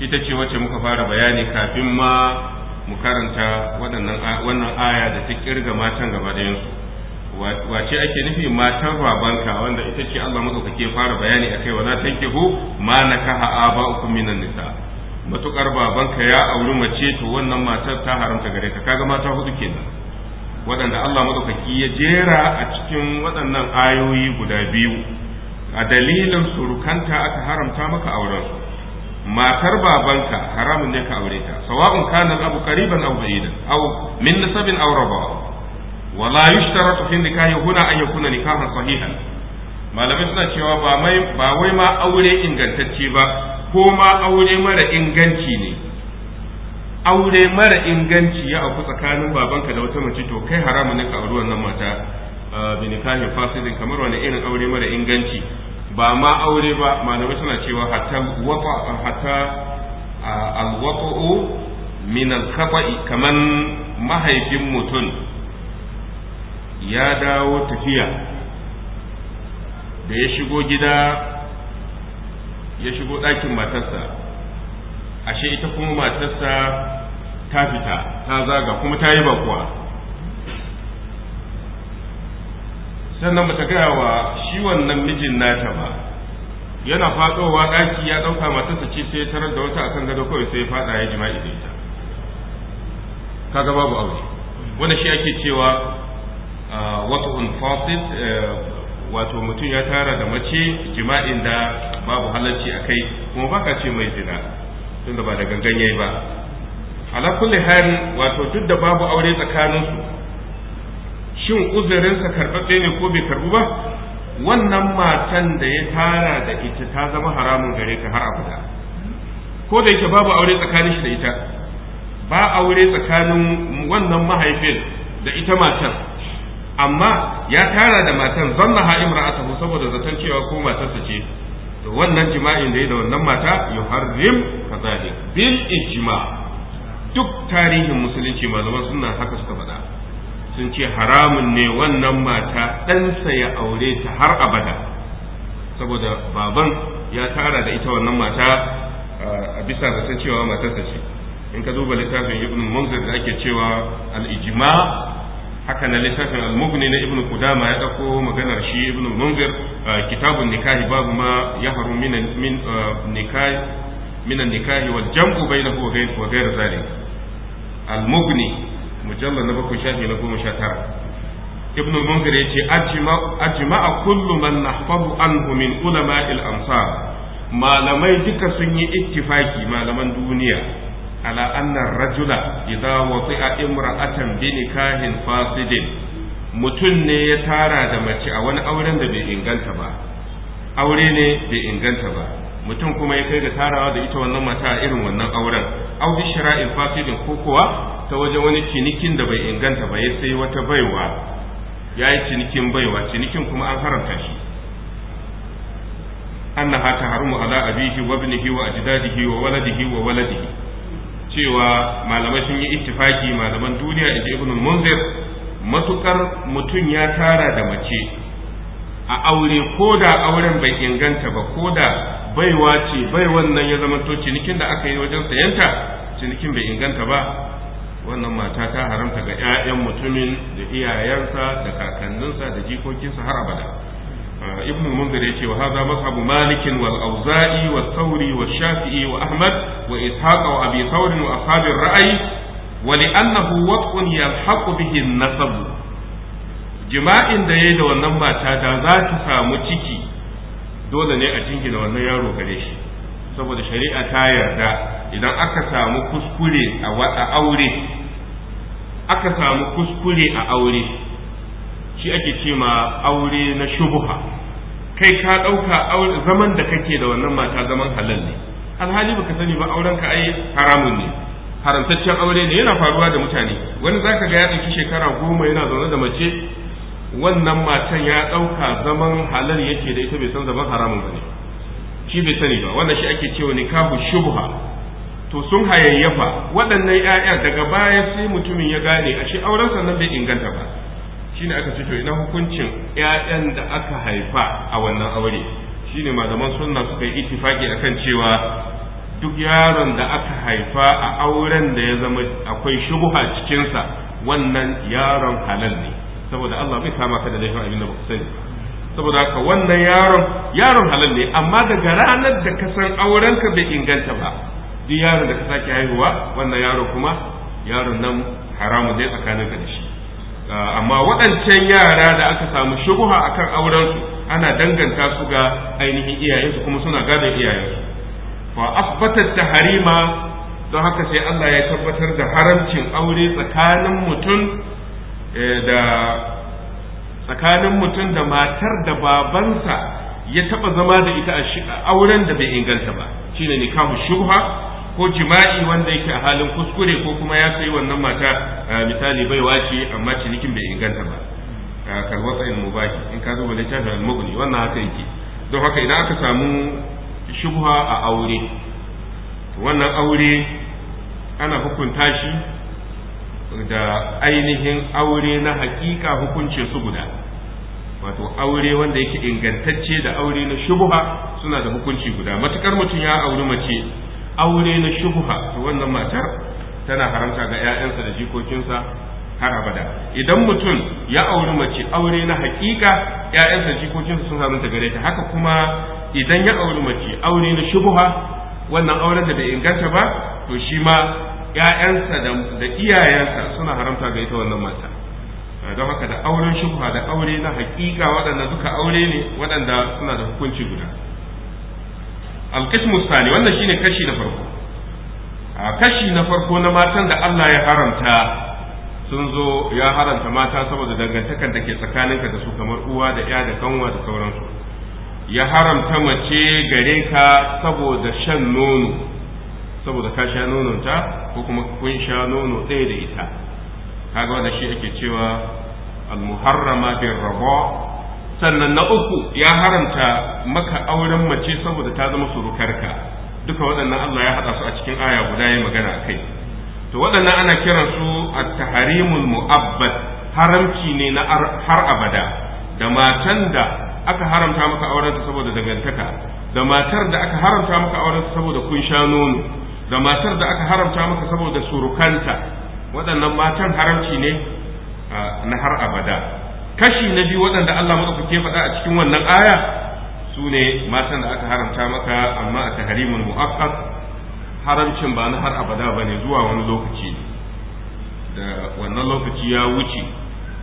ita ce wacce muka fara bayani kafin ma mu karanta wannan aya da ta kirga matan gaba da yansu wace ake nufi matan babanka wanda ita ce Allah kake fara bayani akai wa za ta kihu ma nakaha aba'ukum minan nisa matukar babanka ya auri mace to wannan matar ta haramta gare ka kaga mata hudu kenan waɗanda Allah madaukaki ya jera a cikin waɗannan ayoyi guda biyu a dalilin surukanta aka haramta maka aurensu matar babanka haramun ne ka aure ta sawa'un kana abu qariban aw ba'idan aw min nasabin aw raba wala yushtaratu fi nikahi huna an yakuna nikahan sahihan malamai suna cewa ba mai ba wai ma aure ingantacce ba ko ma aure mara inganci ne aure mara inganci ya auku tsakanin babanka da wata mace to kai haramun ne ka aure wannan mata eh, bi nikahin fasidin kamar wani irin aure mara inganci ba ma aure ba malamai suna cewa hatta wafa hatta alwata'u min kaman mahaifin mutum ya dawo tafiya da ya shigo gida ya shigo ɗakin matarsa ashe ita kuma matarsa ta fita ta zaga kuma ta yi bakuwa sannan ta gaya wa shi wannan mijin nata ba yana fadowa daki ya dauka matarsa ce sai tarar da wata akan gado kawai sai fada ya jima'i da ita kaga babu aure wanda shi ake cewa wasu fasid eh, wato mutum ya tara da mace jima'in da babu halarci a kai kuma baka ce mai zina tunda ba da gangan yayi ba ala kulli hal wato duk da babu aure tsakaninsu shin uzurinsa karɓaɓɓe ne ko bai karɓu ba wannan matan da ya tara da ita ta zama haramun gare ka har abada ko da yake babu aure tsakanin shi da ita ba aure tsakanin wannan mahaifin da ita matan amma ya tara da matan zanna ha imra'atahu saboda zaton cewa ko matarsa ce to wannan jima'in da ya da wannan mata ya yuharrim kazalik bil ijma' duk tarihin musulunci malaman sunna haka suka faɗa sun ce haramun ne wannan mata ɗansa ya aure ta har abada saboda baban ya tara da ita wannan mata a bisa zaton cewa matarsa ce in ka duba littafin ibn munzir da ake cewa al-ijma haka na littafin al-mughni na ibn qudama ya dauko maganar shi ibn munzir kitabun nikahi babu ma ya min min nikahi min nikahi wal jam'u bainahu wa ghayr zalik al-mughni mujallar na bakwai shafi na goma sha tara ibn munzir ya ce a kullu man nahfazu anhu min ulama'il amsa malamai duka sun yi ittifaki malaman duniya ala anna rajula idza wati'a imra'atan bi nikahin fasidin mutum ne ya tara da mace a wani auren da bai inganta ba aure ne bai inganta ba mutum kuma ya kai ga tarawa da ita wannan mata a irin wannan auren aw bi shira'in fasidin ko kuwa ta wajen wani cinikin da bai inganta ba ya sai wata baiwa yayi cinikin baiwa cinikin kuma an haramta shi annaha tahrumu ala abihi wa ibnihi wa ajdadihi wa waladihi wa waladihi cewa malamai sun yi ittifaki malaman duniya da ibnu munzir matukar mutum ya tara da mace a aure ko da auren bai inganta ba ko da baiwa ce bai wannan ya zama to cinikin da aka yi wajen sayanta cinikin bai inganta ba wannan mata ta haramta ga 'ya'yan mutumin da iyayensa da kakanninsa da jikokinsa har abada ah, ibn munzir yace wa hadha mazhabu malik wal auza'i wa thawri wa shafi'i wa ahmad wa ishaq wa abi thawr wa ashab ar-ra'i wa li'annahu wat'un yalhaq bihi an-nasab jima'in da yayi da wannan mata da za ta samu ciki dole ne a jingina wannan yaro gare shi saboda shari'a ta yarda idan aka samu kuskure a aure aka samu kuskure a aure shi ake ce ma aure na shubuha kai ka ɗauka zaman da kake da wannan mata zaman halal ne alhali baka sani ba auren ka ai haramun ne haramtaccen aure ne yana faruwa da mutane wani zaka ga ya ɗauki shekara goma yana zaune da mace wannan matan ya ɗauka zaman halal yake da ita bai san zaman haramun ba ne shi bai sani ba wannan shi ake cewa nikahu shubha to sun hayayyafa waɗannan 'ya'yan daga baya sai mutumin ya gane a shi auren sannan bai inganta ba shine aka ce to ina hukuncin 'ya'yan da aka haifa a wannan aure shine malaman sunna suka yi ittifaki akan cewa duk yaron da aka haifa a auren da ya zama akwai shubha cikinsa wannan yaron halal ne saboda Allah bai kama ka da laifin abin da baka sani saboda haka wannan yaron yaron halal ne amma daga ranar da ka san aurenka bai inganta ba duk yaron da ka sake haihuwa wannan yaro kuma yaron nan haramun ne tsakanin ka da shi ah, amma waɗancan yara da aka samu shubuha akan aurensu ana danganta su ga ainihin iyayensu kuma suna gadon su fa asbatat tahrima don haka sai Allah ya tabbatar da haramcin aure tsakanin mutum Eh, da tsakanin mutum da matar da babansa ya taba zama da ita a auren da bai inganta ba shine nikahu shubha ko jima'i wanda yake a halin kuskure ko kuma ya sayi wannan mata misali baiwa ce amma cinikin bai inganta ba kalwasa il mubahi in ka zuba littafin al-mughni wannan haka yake don haka idan aka samu shubha a aure wannan aure ana hukunta shi da ainihin aure na hakika hukunce su guda wato aure wanda yake ingantacce da aure na shubha suna da hukunci guda matukar mutum ya auri mace aure na shubha to wannan matar tana haramta ga 'ya'yansa da jikokinsa har abada idan mutum ya auri mace aure na hakika 'ya'yansa jikokinsa sun haramta gare ta haka kuma idan ya auri mace aure na shubha wannan auren da bai inganta ba to shi ma ‘ya'yansa da iyayensa suna haramta ga ita wannan mata eh, don haka da auren shubha da aure na hakika waɗanda duka aure ne waɗanda suna da hukunci guda alkashmu sani wannan shine kashi na farko a kashi na farko na matan da Allah ya haramta sun zo ya haramta mata saboda dangantakar da ke tsakaninka da su kamar uwa da ya da kanwa da sauransu ya haramta mace gare ka saboda shan nono saboda ka sha ta ko kuma kun sha nono ɗaya da ita kaga wanda shi ake cewa al-muharrama rabo sannan na uku ya haramta maka auren mace saboda ta zama surukarka duka waɗannan Allah ya haɗa su a cikin aya guda ya magana a kai to waɗannan ana kiran su at-taharimul mu'abbad haramci ne na har abada da matan da aka haramta maka auren saboda dangantaka da matar da aka haramta maka auren saboda kun sha nono da matar da aka haramta maka saboda surukanta waɗannan matan haramci ne na har abada kashi na biyu waɗanda Allah ke faɗa a cikin wannan aya su ne matan da aka haramta maka amma a tahrimul mu'aqqat haramcin ba na har abada bane zuwa wani lokaci da wannan lokaci ya wuce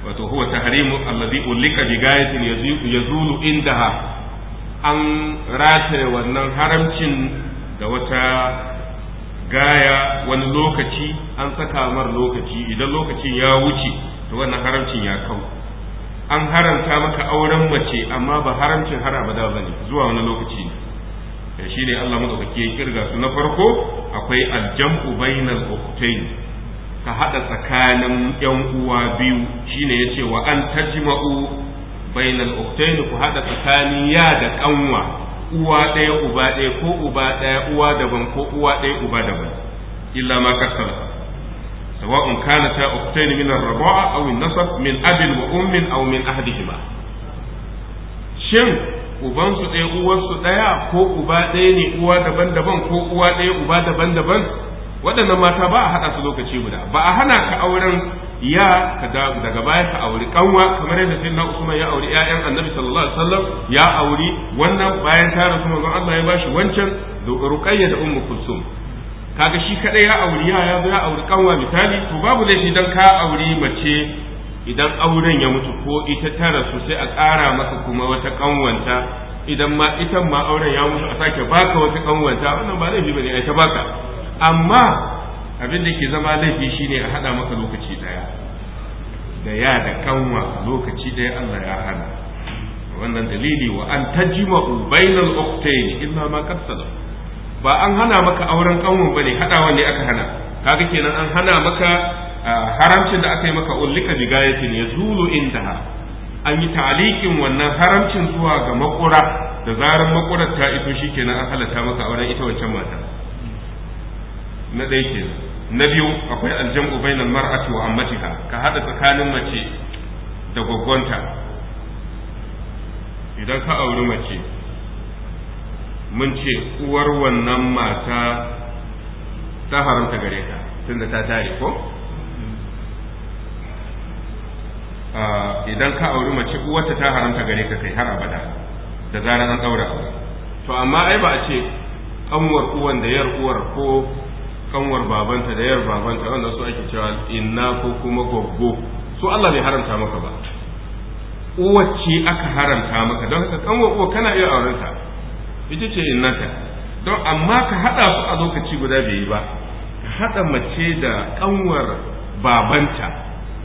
wato huwa tahrimu alladhi ulika bi gayatin yazulu indaha an rataye wannan haramcin da wata gaya wani lokaci an saka mar lokaci idan lokacin ya wuce to wannan haramcin ya kau an haramta maka auren mace amma ba haramcin har abada bane zuwa wani lokaci ne eh, shi ne Allah madaukake ya kirga su na farko akwai aljam'u bainal ukhtayn ka hada tsakanin yan uwa biyu shine yace wa an tajma'u bainal ku hada tsakanin ya da kanwa uwa ɗaya uba ɗaya ko uba ɗaya uwa daban ko uwa ɗaya uba daban illa ma kasar sawa'un kana ta uktaini min ar-raba'a aw min nasab min abin wa ummin aw min ahdihima shin uban su ɗaya uwar su ɗaya ko uba ɗaya ne uwa daban-daban ko uwa ɗaya uba daban-daban waɗannan mata ba a haɗa su lokaci guda ba a hana ka auren ya daga baya ka auri kanwa kamar yadda na Usman ya auri ƴaƴan Annabi sallallahu alaihi wasallam ya auri wannan bayan ta rasu manzon Allah ya bashi wancan Ruqayya da Ummu Kulsum kaga shi kadai ya auri ya ya ya auri kanwa misali to babu laifi dan ka auri mace idan auren ya mutu ko ita ta rasu sai a ƙara maka kuma wata kanwanta idan ma ita ma auren ya mutu a sake baka wata kanwanta wannan ba laifi bane ai ta baka amma abin da ke zama laifi shine a hada maka lokaci daya da ya da kanwa lokaci ɗaya Allah ya hana wannan dalili wa an tajima bainal ukhtayn illa ma qad ba an hana maka auren kanwan bane hadawa ne aka hana kaga kenan an hana maka haramcin da aka yi maka ullika bigayatin yazulu indaha an yi talikin wannan haramcin zuwa ga makura da zarar makurar ta ito shikenan an halatta maka auren ita wancan mata na ɗaya kenan na biyu akwai aljam'u bainal mar'ati wa ammatiha ka hada tsakanin mace da gwaggonta idan ka auri mace mun ce uwar wannan mata ta haramta gare ka tunda ta tare ko idan ka auri mace uwarta ta haramta gare ka kai har abada da zarar an daura to amma ai ba a ce kanwar uwan da yar uwar ko kanwar babanta da yar babanta wanda su ake cewa inna ko kuma goggo su Allah bai haramta maka ba uwacce aka haramta maka don haka kanwar uwa kana iya aurenta ita ce ta don amma ka hada su a lokaci guda bai yi ba ka hada mace da kanwar babanta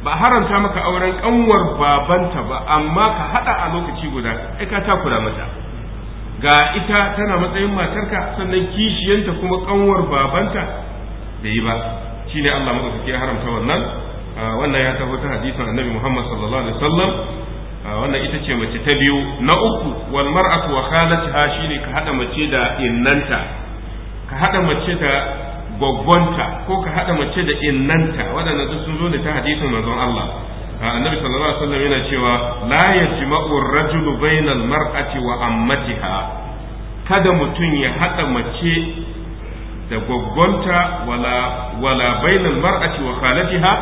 ba haramta maka auren kanwar babanta ba amma ka hada a lokaci guda ai ka takura mata ga ita tana matsayin matarka sannan kishiyanta kuma kanwar babanta da yi ba shi ne Allah maka suke haramta wannan ah, wannan ya taho ta hadisin annabi Muhammad sallallahu alaihi wasallam ah, wannan ita ce mace ta biyu na uku wal mar'atu wa shi shine ka hada mace da innanta ka hada mace da gogonta ko ka hada mace da innanta waɗannan duk sun zo da ta hadisin manzon Allah ah, annabi sallallahu alaihi wasallam yana cewa la yajma'u ar-rajulu bainal mar'ati wa ammatiha kada mutum ya hada mace da gwaggonta wala wala bainal mar'ati wa khalatiha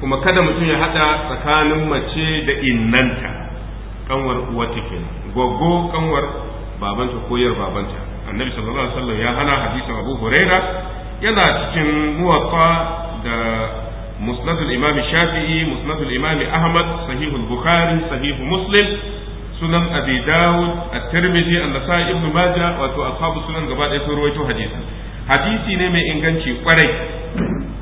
kuma kada mutum ya hada tsakanin mace da innanta kanwar uwarta kenan gwaggo kanwar babanta koyar babanta annabi sallallahu alaihi wasallam ya hana hadisin abu huraira yana cikin muwaffa da musnad al-imam shafi'i musnad al-imam ahmad sahih al-bukhari sahih muslim sunan abi dawud at-tirmidhi an-nasa'i ibn majah wato ashabu sunan gaba ɗaya sun ruwaito hadisin hadisi ne mai inganci kwarai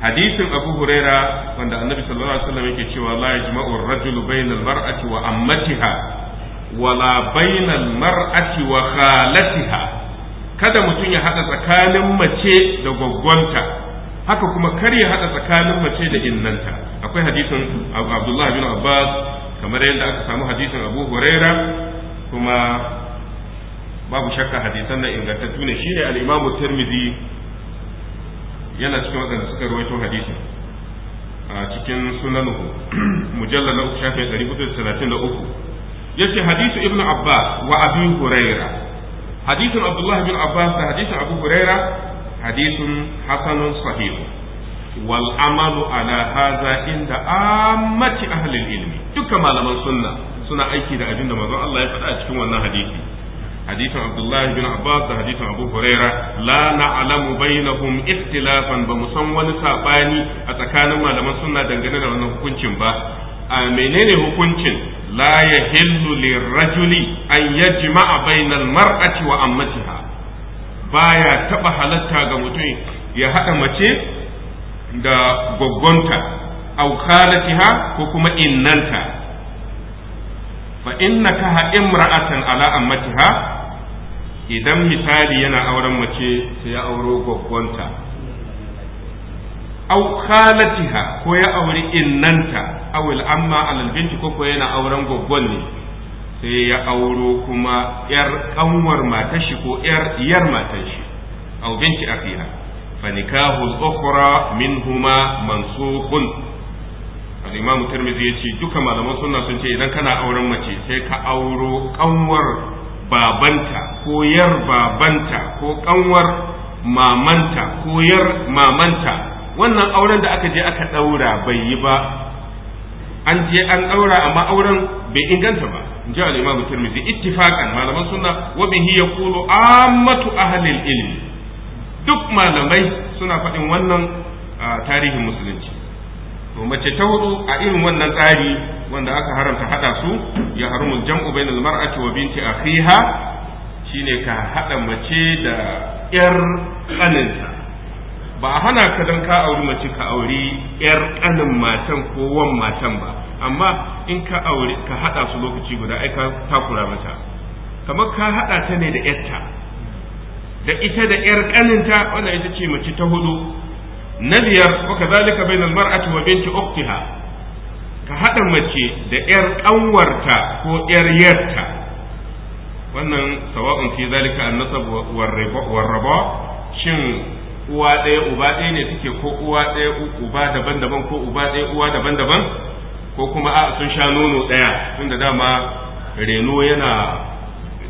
hadisin abu huraira wanda annabi sallallahu alaihi wasallam yake cewa la yajma'u ar-rajulu bainal mar'ati wa ammatiha wala bainal mar'ati wa khalatiha kada mutum ya hada tsakanin mace da gwaggwanta haka kuma kar ya hada tsakanin mace da innanta akwai hadisin Abdullah bin Abbas kamar yadda aka samu hadisin Abu Huraira kuma babu shakka hadisan na ingantattu ne shine al imamu Tirmidhi yana cikin waɗanda suka rawaito hadisi a cikin sunanuhu [clears throat] mujallal na uku shafi 433 yace hadisu ibn abbas wa abi huraira hadisin abdullahi ibn abbas da hadisin abu huraira hadisun hasanun sahih wal amalu ala haza inda ammati ahli ilmi dukkan malaman sunna suna aiki da abin da manzon Allah ya faɗa a cikin wannan hadisi hadisin abdullahi bin abbas da hadisan abu huraira la na'lamu bainahum ikhtilafan ba mu san wani saɓani a tsakanin malaman sunna dangane da wannan hukuncin ba a menene hukuncin la yahillu rajuli? an yajma'a bainal mar'ati wa ammatiha baya taba halatta ga mutum ya hada mace da goggonta aw khalatiha ko kuma innanta fa innaka ha imra'atan ala ammatiha idan misali yana auren mace sai ya auro gwaggwanta au khalatiha ko ya auri innanta aw amma alal ko yana auren gwaggon ne sai ya auro kuma yar kanwar matar shi ko yar yar matar shi aw binti fa nikahul ukhra minhuma mansukhun al-imam tirmidhi yace duka malaman sunna sun ce idan kana auren mace sai ka auro kanwar babanta ko yar babanta ko kanwar mamanta ko yar mamanta wannan auren da aka je aka ɗaura bai yi ba an je an ɗaura amma auren bai inganta ba in ji al'imamu turmizi ittifaqan malaman sunna wa bihi yaqulu ammatu ahli ilmi duk malamai suna faɗin wannan tarihin musulunci to mace ta hudu a irin wannan tsari wanda aka haramta hada su ya harumul jam'u bainal mar'ati wa binti akhiha shine ka hada mace da yar kaninta ba a hana ka dan ka auri mace ka auri yar kanin matan ko wan matan ba amma in ka aure ka hada su lokaci guda ai ka takura mata kamar ka hada ta ne da yarta da ita da yar kaninta wannan ita ce mace ta hudu na biyar wa kazalika bainal mar'ati wa binti ukhtiha ka haɗa mace da yar kanwarta ko yar yarta wannan sawa'un fi zalika an-nasab war raba shin uwa ɗaya uba ɗaya ne suke ko uwa ɗaya uba daban-daban ko uba ɗaya uwa daban-daban ko kuma a sun sha nono ɗaya tunda dama reno yana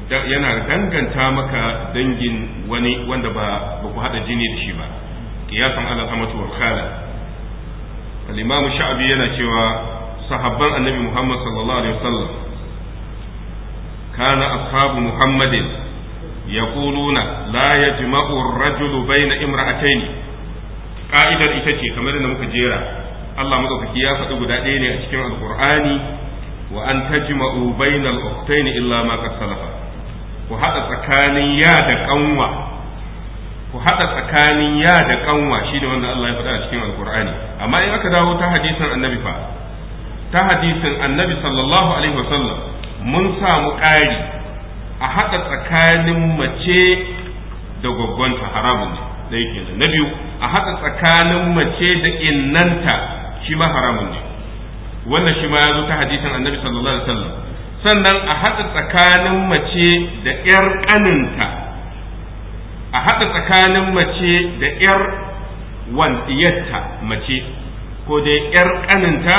yana danganta maka dangin wani wanda ba ku haɗa jini da shi ba Kiyasan ala amatu wal khala al-imam sha'bi yana cewa sahabban annabi muhammad sallallahu alaihi wasallam kana ashabu muhammadin yaquluna la yajma'u ar-rajulu bayna imra'atayn ka'idar ita ce kamar da muka jera Allah madaukaki ya faɗi guda ɗaya ne a cikin alqur'ani wa an tajma'u bainal ukhtayn illa ma qad salafa ku haɗa tsakanin ya da kanwa ku haɗa tsakanin ya da kanwa shi da wanda Allah ya faɗa a cikin alkur'ani amma in aka dawo ta hadisin annabi fa ta hadisin annabi sallallahu alaihi wasallam mun samu ƙari a haɗa tsakanin mace da gwaggwanta haramun ne da yake da na biyu a haɗa tsakanin mace da innanta shi ma haramun ne wannan shi ma ya zo ta hadisin annabi sallallahu alaihi wasallam sannan a haɗa tsakanin mace da ƴar ƙaninta a haɗa tsakanin mace da 'yar wantiyarta mace ko dai 'yar ƙaninta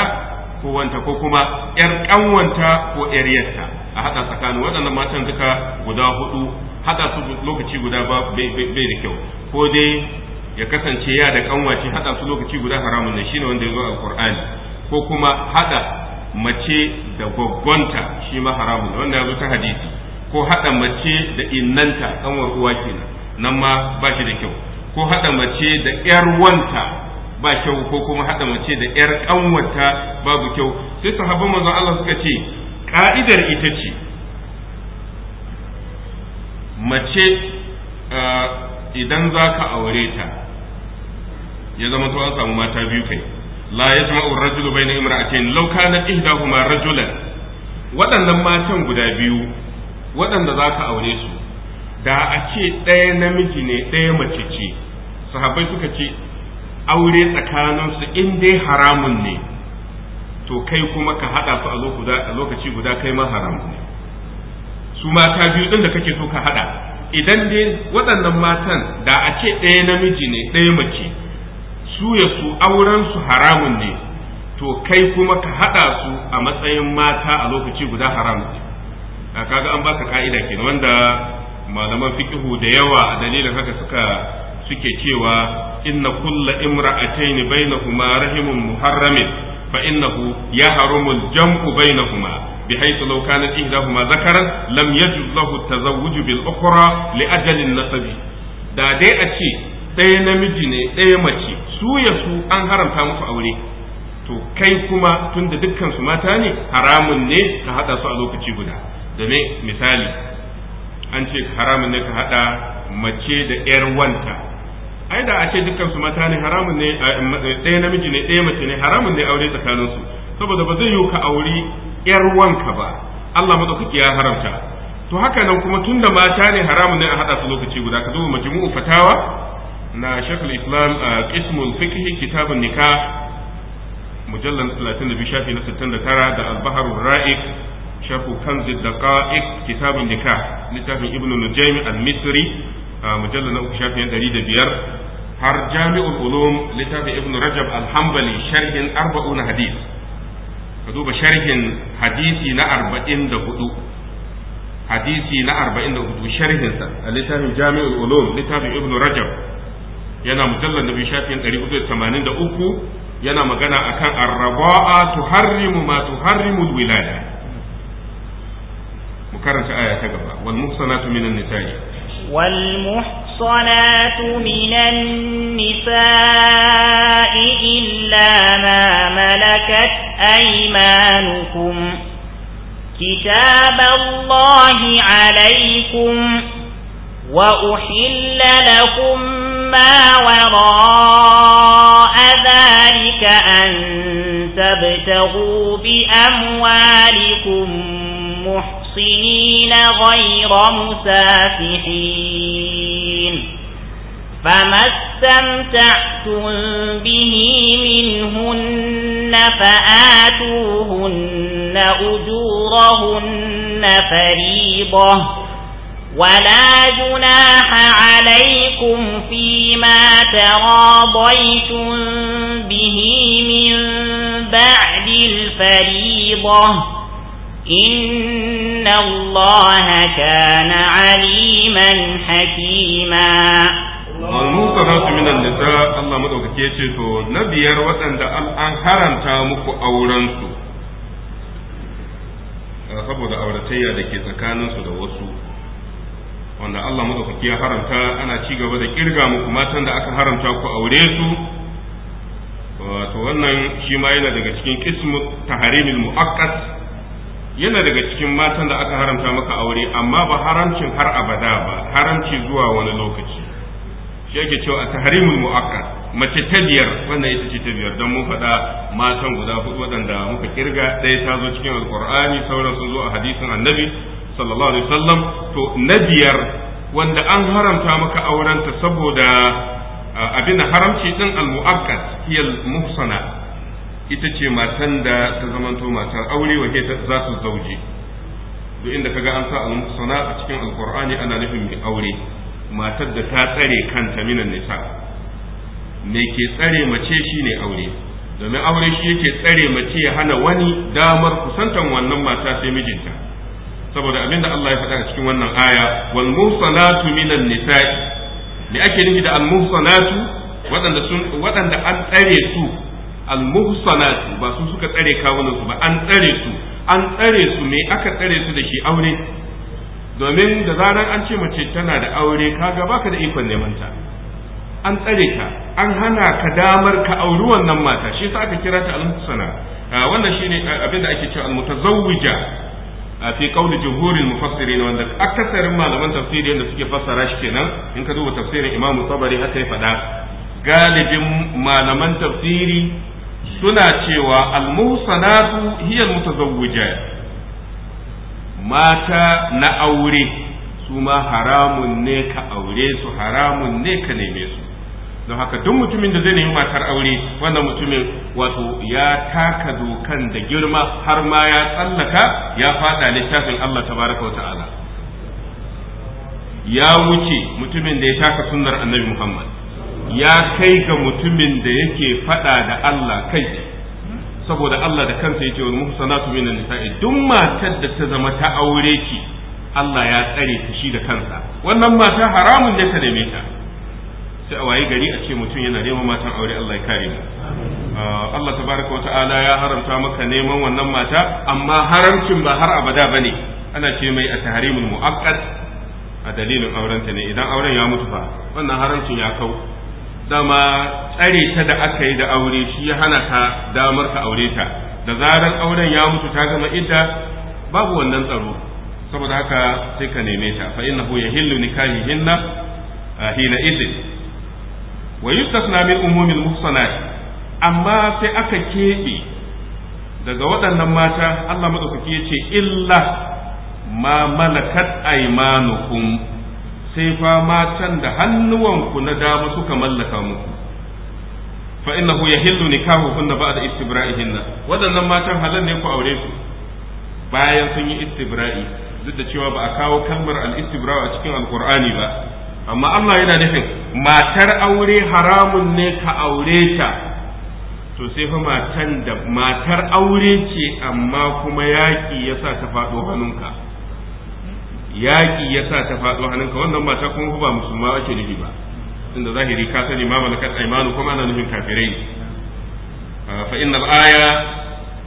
ko wanta ko kuma 'yar ƙanwanta ko yarta a haɗa tsakanin waɗannan matan duka guda hudu haɗa su lokaci guda ba bai da kyau ko dai ya kasance ya da ƙanwace haɗa su lokaci guda haramun ne shine wanda ya zo alƙur'ani ko kuma haɗa mace da gwaggwanta shi ma haramun ne wanda ya zo ta hadisi ko haɗa mace da innanta ƙanwar uwa kenan nan ma ba shi da kyau ko haɗa mace da yar wanta ba kyau ko kuma haɗa mace da yar ƙanwata babu kyau sai sahabban manzon Allah suka ce ka'idar ita ce mace idan za ka aure ta ya zama to an samu mata biyu kai la yajma'u ar-rajulu bayna imra'atayn law kana ihdahuma rajulan waɗannan matan guda biyu waɗanda za ka aure su da a ce ɗaya namiji ne ɗaya mace ce sahabbai suka ce aure tsakaninsu in dai haramun ne to kai kuma ka haɗa su a lokaci guda kai ma haramun ne su mata biyu ɗin da kake so ka haɗa idan dai waɗannan matan da a ce ɗaya namiji ne ɗaya mace su ya su auren su haramun ne to kai kuma ka haɗa su a matsayin mata a lokaci guda haramun ne kaga an baka ka'ida kenan wanda malaman fikihu da yawa a dalilin haka suka suke cewa inna kulla imra'ataini bainahuma rahimun muharramin fa innahu yahrumu al-jam'u bainahuma bihaythu law kanat ihdahuma zakaran lam yajuz lahu at-tazawwuj bil ukhra li ajali an-nasab da dai a ce ɗaya namiji ne ɗaya mace su ya su an haramta musu aure to kai kuma tunda dukkan su mata ne haramun ne ka hada su a lokaci guda domin misali an ce haramun ne ka hada mace da yar wanta ai da a ce dukkan su mata ne haramun ne ɗaya namiji ne ɗaya mace ne haramun ne aure tsakanin su saboda ba zai yiwu ka auri yar wanka ba Allah madaukaki ya haramta to haka nan kuma tunda mata ne haramun ne a hada su lokaci guda ka duba majmu'u fatawa na shakul islam qismul fiqh kitabun nikah mujallal 32 shafi na 69 da al-baharur ra'iq shafu kanz ad-daqa'iq kitabun nikah littafin ibn nujaym al-misri mujallal na uku shafin ɗari da biyar har jami'ul ulum littafin ibn rajab al-hanbali sharhin arba'una hadith ka duba sharhin hadisi na arba'in da hudu hadisi na arba'in da hudu sharhinsa a littafin jami'ul ulum littafin ibn rajab yana mujallar na biyu shafin ɗari hudu da tamanin da uku yana magana akan arraba'a tuharrimu ma tuharrimu wilaya mu karanta aya ta gaba wal muhsanatu minan nisa'i wal muhsanatu minan nisa'i illa ma malakat aymanukum كتاب الله عليكم وأحل لكم ما وراء ذلك أن تبتغوا بأموالكم محسنين محصنين غير مسافحين فما استمتعتم به منهن فآتوهن أجورهن فريضة ولا جناح عليكم فيما تراضيتم به من بعد الفريضة إن الله كان عليما حكيما والموصنات من النساء الله مدوكتي يشيتو نبيار وطن دا الآن حرم تامك أورانسو saboda auratayya da ke tsakaninsu da wasu wanda Allah madaukaki ya haramta ana ci gaba da kirga muku matan da aka haramta ku aure su wato wannan shi ma yana daga cikin ismu tahrimil muaqqat yana daga cikin matan da aka haramta maka aure amma ba haramcin har abada ba haramci zuwa wani lokaci shi yake cewa a tahrimul mu'akkad mace ta biyar wannan ita ce ta biyar don mun faɗa matan guda hudu waɗanda muka kirga ɗaya ta zo cikin alqur'ani sauran sun zo a hadisin annabi sallallahu alaihi wasallam to na biyar wanda an haramta maka aurenta saboda abin haramci din al-mu'akkad hiya al-muhsana ita ce matan da ta zamanto matar aure wa ta za su zauje duk inda kaga an sa al a cikin qurani ana nufin mai aure matar da ta tsare kanta minan nisa me ke tsare mace shine aure domin aure shi yake tsare mace ya hana wani damar kusantan wannan mata sai mijinta saboda abinda Allah ya faɗa a cikin wannan aya wal muhsanatu minan nisa'i me ake nufi da al muhsanatu waɗanda sun waɗanda an tsare su al-muhsanati ba su suka tsare kawunan su ba an tsare su an tsare su me aka tsare su da shi aure domin da zarar an ce mace tana da aure kaga baka da ikon neman ta an tsare ka an hana ka damar ka auri wannan mata shi yasa aka kira ta al-muhsana ah, wannan shine ah, abin da ake cewa al-mutazawwija ah, fi qawli jumhuril mufassirin wanda akasarin malaman tafsiri da suke fassara shi kenan in ka duba tafsirin Imam Tabari haka ya faɗa galibin malaman tafsiri suna cewa almuhsanatu hiya mutazawwijat mata na aure su ma haramun ne ka aure su haramun ne ka neme su don haka duk mutumin da zai nemi matar aure wannan mutumin wato ya taka dokan da girma har ma ya tsallaka ya fada littafin Allah tabaraka wa ta'ala ya wuce mutumin da ya taka sunnar annabi Muhammad ya kai ga mutumin da yake faɗa da Allah kai saboda Allah da kansa yake wa muhsanatu minan nisa'i duk matar da ta zama ta aure ki Allah ya tsare ta shi da kansa wannan mata haramun ne ta neme ta sai a waye gari a ce mutum yana neman matan aure Allah ya kare mu ah, Allah tabaraka wa ta'ala ya haramta maka neman wannan mata amma haramcin ba har abada bane ana ce mai a tahrimul mu'aqqat a dalilin aurenta ne idan auren ya mutu fa wannan haramcin ya kau dama tsare ta da aka yi da aure shi ya hana ta damar ka aure ta da zarar auren ya mutu ta gama idda babu wannan tsaro saboda haka sai ka neme ta fa innahu yahillu hinna hina idin wa yustasna min umumil muhsanat amma sai aka keɓe daga waɗannan mata Allah madaukaki ya ce illa ma malakat aymanukum sai fa matan da hannuwanku na dama suka mallaka muku fa innahu yahillu kunna ba'da istibra'ihinna waɗannan matan halal ne ku aure su bayan sun yi istibra'i duk da cewa ba a kawo kalmar al a cikin alqur'ani ba amma Allah yana nufin matar aure haramun ne ka aure ta to sai fa matan da matar aure ce amma kuma yaƙi yasa ta faɗo hannunka yaƙi ya sa ta faɗo hannunka wannan mata kuma ba musulma ake nufi ba inda zahiri ka sani ma malakat aimanu kuma ana nufin kafirai ah, fa innal aya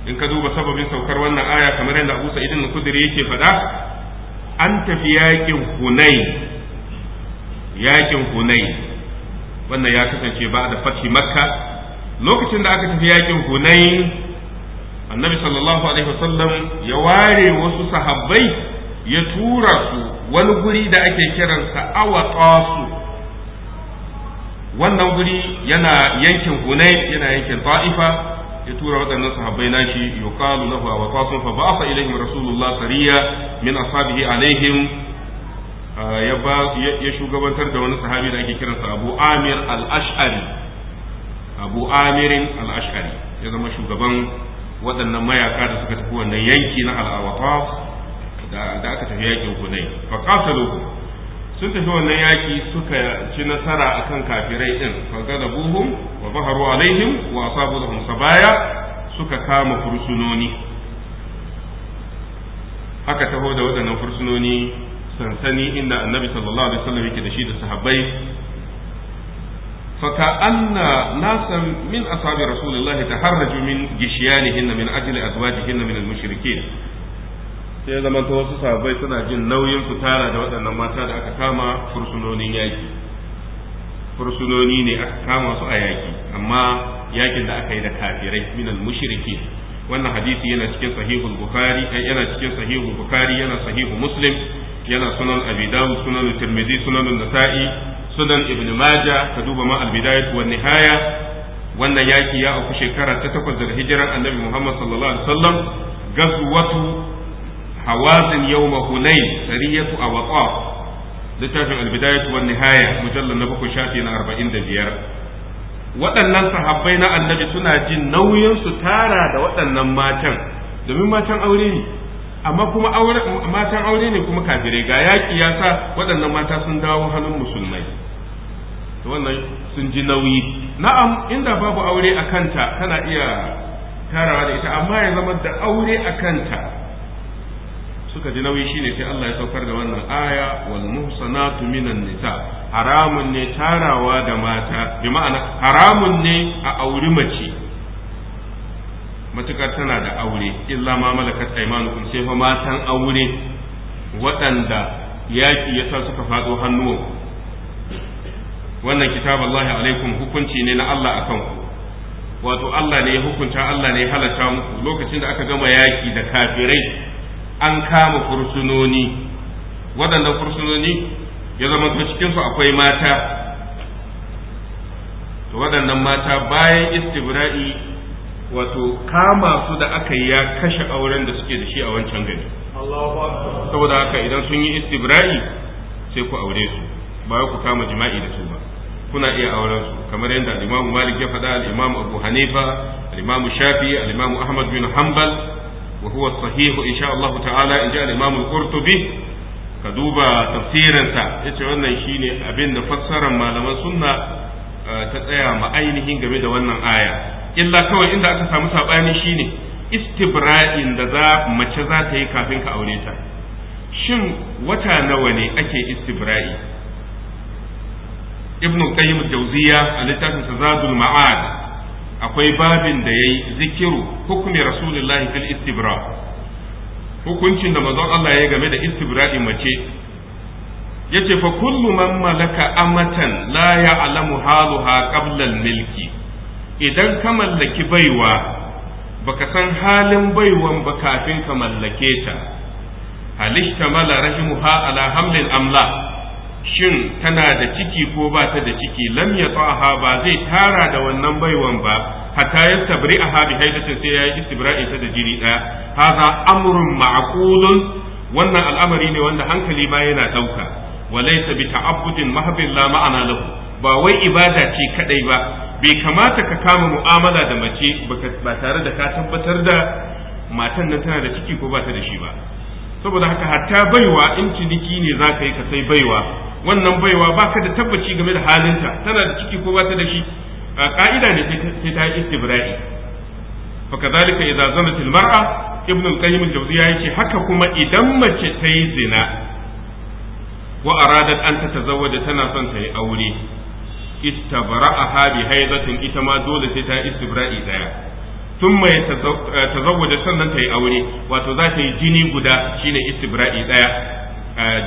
in ka duba sababin saukar wannan aya kamar yadda Abu Sa'id al-Khudri yake faɗa an tafi yaƙin Hunain yaƙin Hunain wannan ya kasance ba da fathi Makka lokacin da aka tafi yaƙin hunai annabi sallallahu alaihi wasallam ya ware wasu sahabbai ya tura su wani guri da ake kiransa awaqasu wannan guri yana yankin hunai yana yankin ta'ifa ya tura waɗannan sahabbai nashi yuqalu lahu awaqasu fa ba'atha ilaihim rasulullah sariya min ashabihi alaihim ah, ya shugabantar da wani sahabi da ake kiransa abu amir al-ash'ari abu amirin al-ash'ari ya zama shugaban waɗannan mayaka da suka tafi wannan yanki na al da aka tafi yakin hunai fa qasalu sun tafi wannan yaki suka ci nasara akan kafirai din fa gadabuhum wa baharu alaihim wa asabu lahum sabaya suka kama fursunoni aka taho da waɗannan fursunoni sansani inda annabi sallallahu alaihi wasallam yake da shi da sahabbai فكأن ناسا من أصحاب رسول الله تحرجوا من جشيانهن من أجل أزواجهن من المشركين sai ya zamanta wasu sahabbai suna jin nauyin fitara da waɗannan mata da aka kama fursunonin yaƙi fursunoni ne aka kama su a yaƙi amma yaƙin da aka yi da kafirai minal mushriki wannan hadisi yana cikin sahihul bukhari eh, yana cikin sahihul bukhari yana sahihu muslim yana sunan abi dawud sunan tirmidhi sunan nasa'i sunan ibn majah ka duba ma al-bidayah wa nihaya wannan yaki ya auku shekara ta takwas daga hijiran annabi muhammad sallallahu alaihi wasallam gazwatu hawazin yawma hunain sariyatu abqa littafin albidayatu wan nihaya mujallal na bakwai shafi na arba'in da biyar waɗannan sahabbai na annabi suna jin nauyin su tara da waɗannan matan domin matan aure ne amma kuma matan aure ne kuma kafirai ga yaƙi ya sa waɗannan mata sun dawo hannun musulmai to wannan sun ji nauyi na'am inda babu aure a kanta kana iya tarawa da ita amma ya zama da aure a kanta suka ji nauyi shine sai Allah ya saukar da wannan aya wal muhsanatu minan nisa haramun ne tarawa da mata bi ma'ana haramun ne a auri mace matukar tana da aure illa ma malakat aymanukum sai fa matan aure waɗanda yaki yasa suka faɗo hannuwan wannan kitab Allah alaikum hukunci ne na Allah akan ku wato Allah ne ya hukunta Allah ne ya halatta muku lokacin da aka gama yaki da kafirai an kama fursunoni waɗannan fursunoni ya zama to cikinsu akwai mata to waɗannan mata bayan istibra'i wato kama su da aka yi ya kashe auren da suke da shi a wancan gari saboda haka idan sun yi istibra'i sai ku aure su ba ku kama jima'i da su ba kuna iya auren su kamar yadda alimamu Malik ya faɗa al Abu Hanifa al Shafi al-Imam Ahmad bin Hanbal wa huwa sahihu insha ta'ala in ji al-Imam al-Qurtubi ka duba tafsirinsa yace wannan shine abin da fassarar malaman sunna ta tsaya ma ainihin game da wannan aya illa kawai inda aka samu sabani shine istibra'in da za mace za ta yi kafin ka aure ta shin wata nawa ne ake istibra'i ibnu qayyim jawziya a littafin zadul ma'ad akwai babin da yayi zikiru hukumi rasulullahi fil istibra hukuncin da manzon Allah ya game da istibra'i mace yace fa kullu man malaka amatan la ya'lamu haluha qabla al-milki idan ka mallaki baiwa baka san halin baiwan ba kafin ka mallake ta mala rahimuha ala hamlin amla shin tana da ciki ko ba ta da ciki lam ya tsaha ba zai tara da wannan baiwan ba hatta ya tabri a habi haidatin sai ya yi istibra'i ta da jiri ɗaya haza amrun ma'qulun wannan al'amari ne wanda hankali ma yana ɗauka walaysa bi ta'abudin mahbin la ma'ana lahu ba wai ibada ce kaɗai ba bai kamata ka kama mu'amala da mace ba tare da ka tabbatar da matan nan tana da ciki ko ba ta da shi ba saboda haka hatta baiwa in ciniki ne za ka yi ka sai baiwa wannan baiwa baka da tabbaci game da halinta tana da ciki ko ba ta da shi A ka'ida ne sai ta yi istibra'i fa kadhalika idza zanat al mar'a ibn al qayyim al jawziyya yace haka kuma idan mace ta yi zina wa aradat an tatazawwaja tana son ta yi aure istabra'aha bi haidatin ita ma dole sai ta istibra'i daya tun mai tazawwaja sannan ta yi aure wato za ta yi jini guda shine istibra'i daya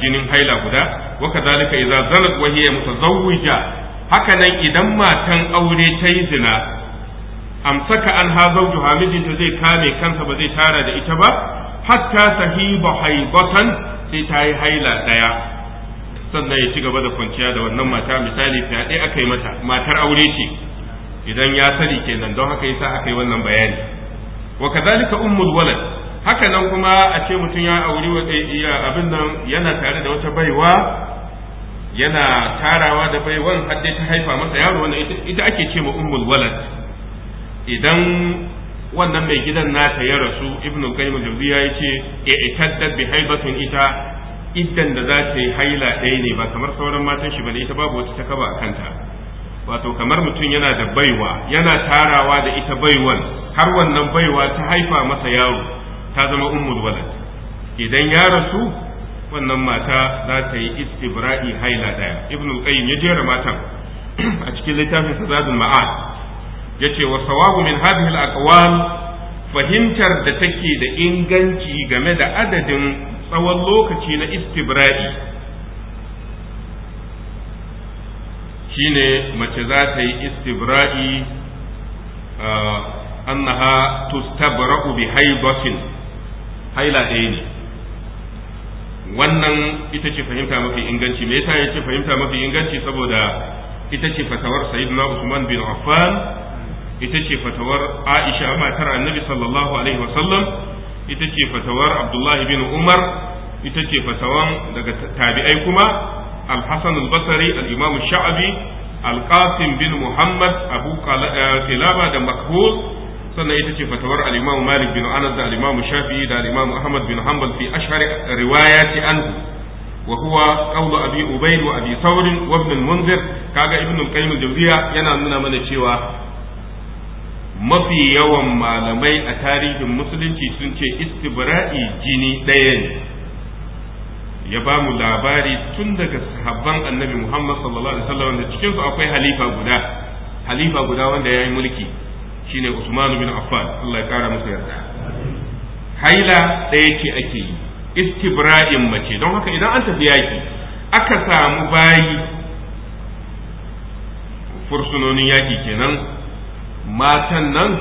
jinin haila guda wa kadhalika idza zalat wa hiya mutazawwija hakanan idan matan aure ta yi zina amsaka an ha zawjuha mijinta zai kame kansa ba zai tara da ita ba hatta sahiba haibatan sai ta yi haila daya sannan ya ci gaba da kwanciya da wannan mata misali fyaɗe aka yi mata matar aure ce idan ya sani kenan don haka yasa aka yi wannan bayani wa kadhalika ummul walad haka nan kuma a ce mutum ya auri wa abin nan yana tare da wata baiwa yana tarawa da baiwan har dai ta haifa masa yaro wannan ita ake ce ma ummul walad idan wannan mai gidan nata ya rasu ibnu qayyim jawziya yace i'taddat bi haibatin ita idan da za ta yi haila ɗaya ne ba kamar sauran matan shi bane ita babu wata takaba a kanta wato kamar mutum yana da baiwa yana tarawa da ita baiwan har wannan baiwa ta haifa masa yaro ta zama ummul walad idan ya rasu wannan mata za ta yi istibra'i haila daya ibnul qayyim ya jera matan a cikin littafin sa zadul ma'ad yace wa sawabu min hadhihi al aqwal fahimtar da take da inganci game da adadin tsawon lokaci na istibra'i shine mace za ta yi istibra'i uh, annaha tustabra'u bi haibatin haila ɗaya ne wannan ita ce fahimta mafi inganci me yasa yace fahimta mafi inganci saboda ita ce fatawar sayyidina Usman bin Affan ita ce fatawar Aisha matar Annabi sallallahu alaihi sallam ita ce fatawar Abdullah bin Umar ita ce fatawan daga tabi'ai kuma Al-Hasan al-Basri al-Imam Sha'bi Al-Qasim bin Muhammad Abu Qilaba eh, da Makhul sannan ita ce fatawar al-Imam Malik bin Anas da al-Imam Shafi'i da al-Imam Ahmad bin Hanbal fi ashhar riwayati anhu wa huwa qawlu Abi Ubayd wa Abi Thawr wa Ibn al-Munzir kaga Ibn al-Qayyim al-Jawziyya yana nuna mana cewa mafi yawan malamai a tarihin musulunci sun ce istibra'i jini ɗaya ne ya ba mu labari tun daga sahabban annabi Muhammad sallallahu alaihi wasallam da cikinsu akwai halifa guda halifa guda wanda ya yi mulki shine Usman bin Affan Allah ya kara masa yarda haila ɗaya ce ake yi istibra'in mace don haka idan an tafi yaki aka samu bayi fursunonin yaki kenan matan nan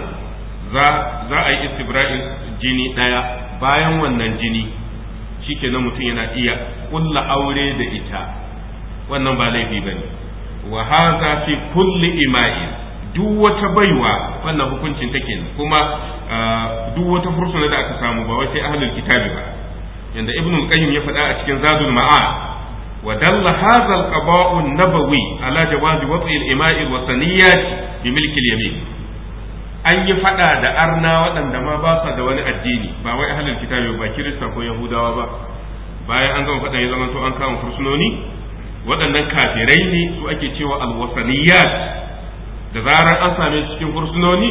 za a yi istibra'in jini ɗaya bayan wannan jini shikenan mutum yana iya kulla aure da ita wannan ba laifi bane wa haza fi kulli ima'in duk wata baiwa wannan hukuncin take kuma duk wata fursuna da aka samu ba wai ahlul kitabi ba yanda ibnu qayyim ya faɗa a cikin zadul Ma'a, wa dalla hadha al qada'u an-nabawi ala jawazi wat'i al-ima'i wa bi milki al-yamin an yi faɗa da arna waɗanda ma ba sa da wani addini ba wai ahlul kitabi ba kirista ko yahudawa ba bayan an gama faɗa ya zama to an kama fursunoni waɗannan kafirai ne su ake cewa al wasaniyat da zarar an same cikin fursunoni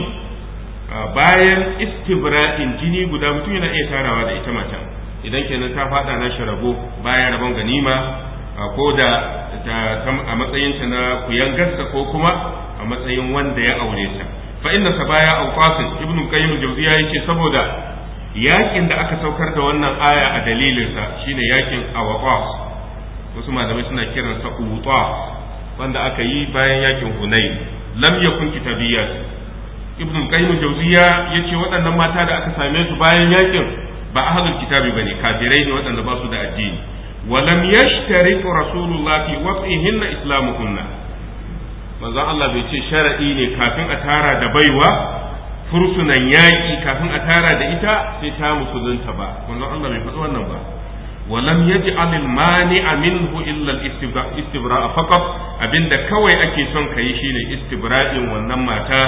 bayan istibra'in jini guda mutum yana iya tarawa da ita mata, idan kenan ta fada na shi rabo bayan rabon ganima ko da a matsayin ta na kuyangarsa ko kuma a matsayin wanda ya aure ta fa inna sabaya aw qasim ibn qayyim jawziya yace saboda yakin da aka saukar da wannan aya a dalilin sa shine yakin awqas wasu malamai suna kiransa uta wanda aka yi bayan yakin hunayn lam yakun kitabiyya ibn qayyim jawziya yace waɗannan mata da aka same su bayan yakin ba ahlul kitabi bane kafirai ne waɗanda ba su da addini wa lam yashtarik rasulullah fi waqtihinna islamuhunna manzon Allah bai ce shar'i ne kafin a tara da baiwa fursunan yaƙi kafin a tara da ita sai ta musulunta ba manzon Allah bai faɗi wannan ba ولم يجعل المانع منه الا الاستبراء فقط abinda kawai ake son ka kayi shine istibra'in wannan mata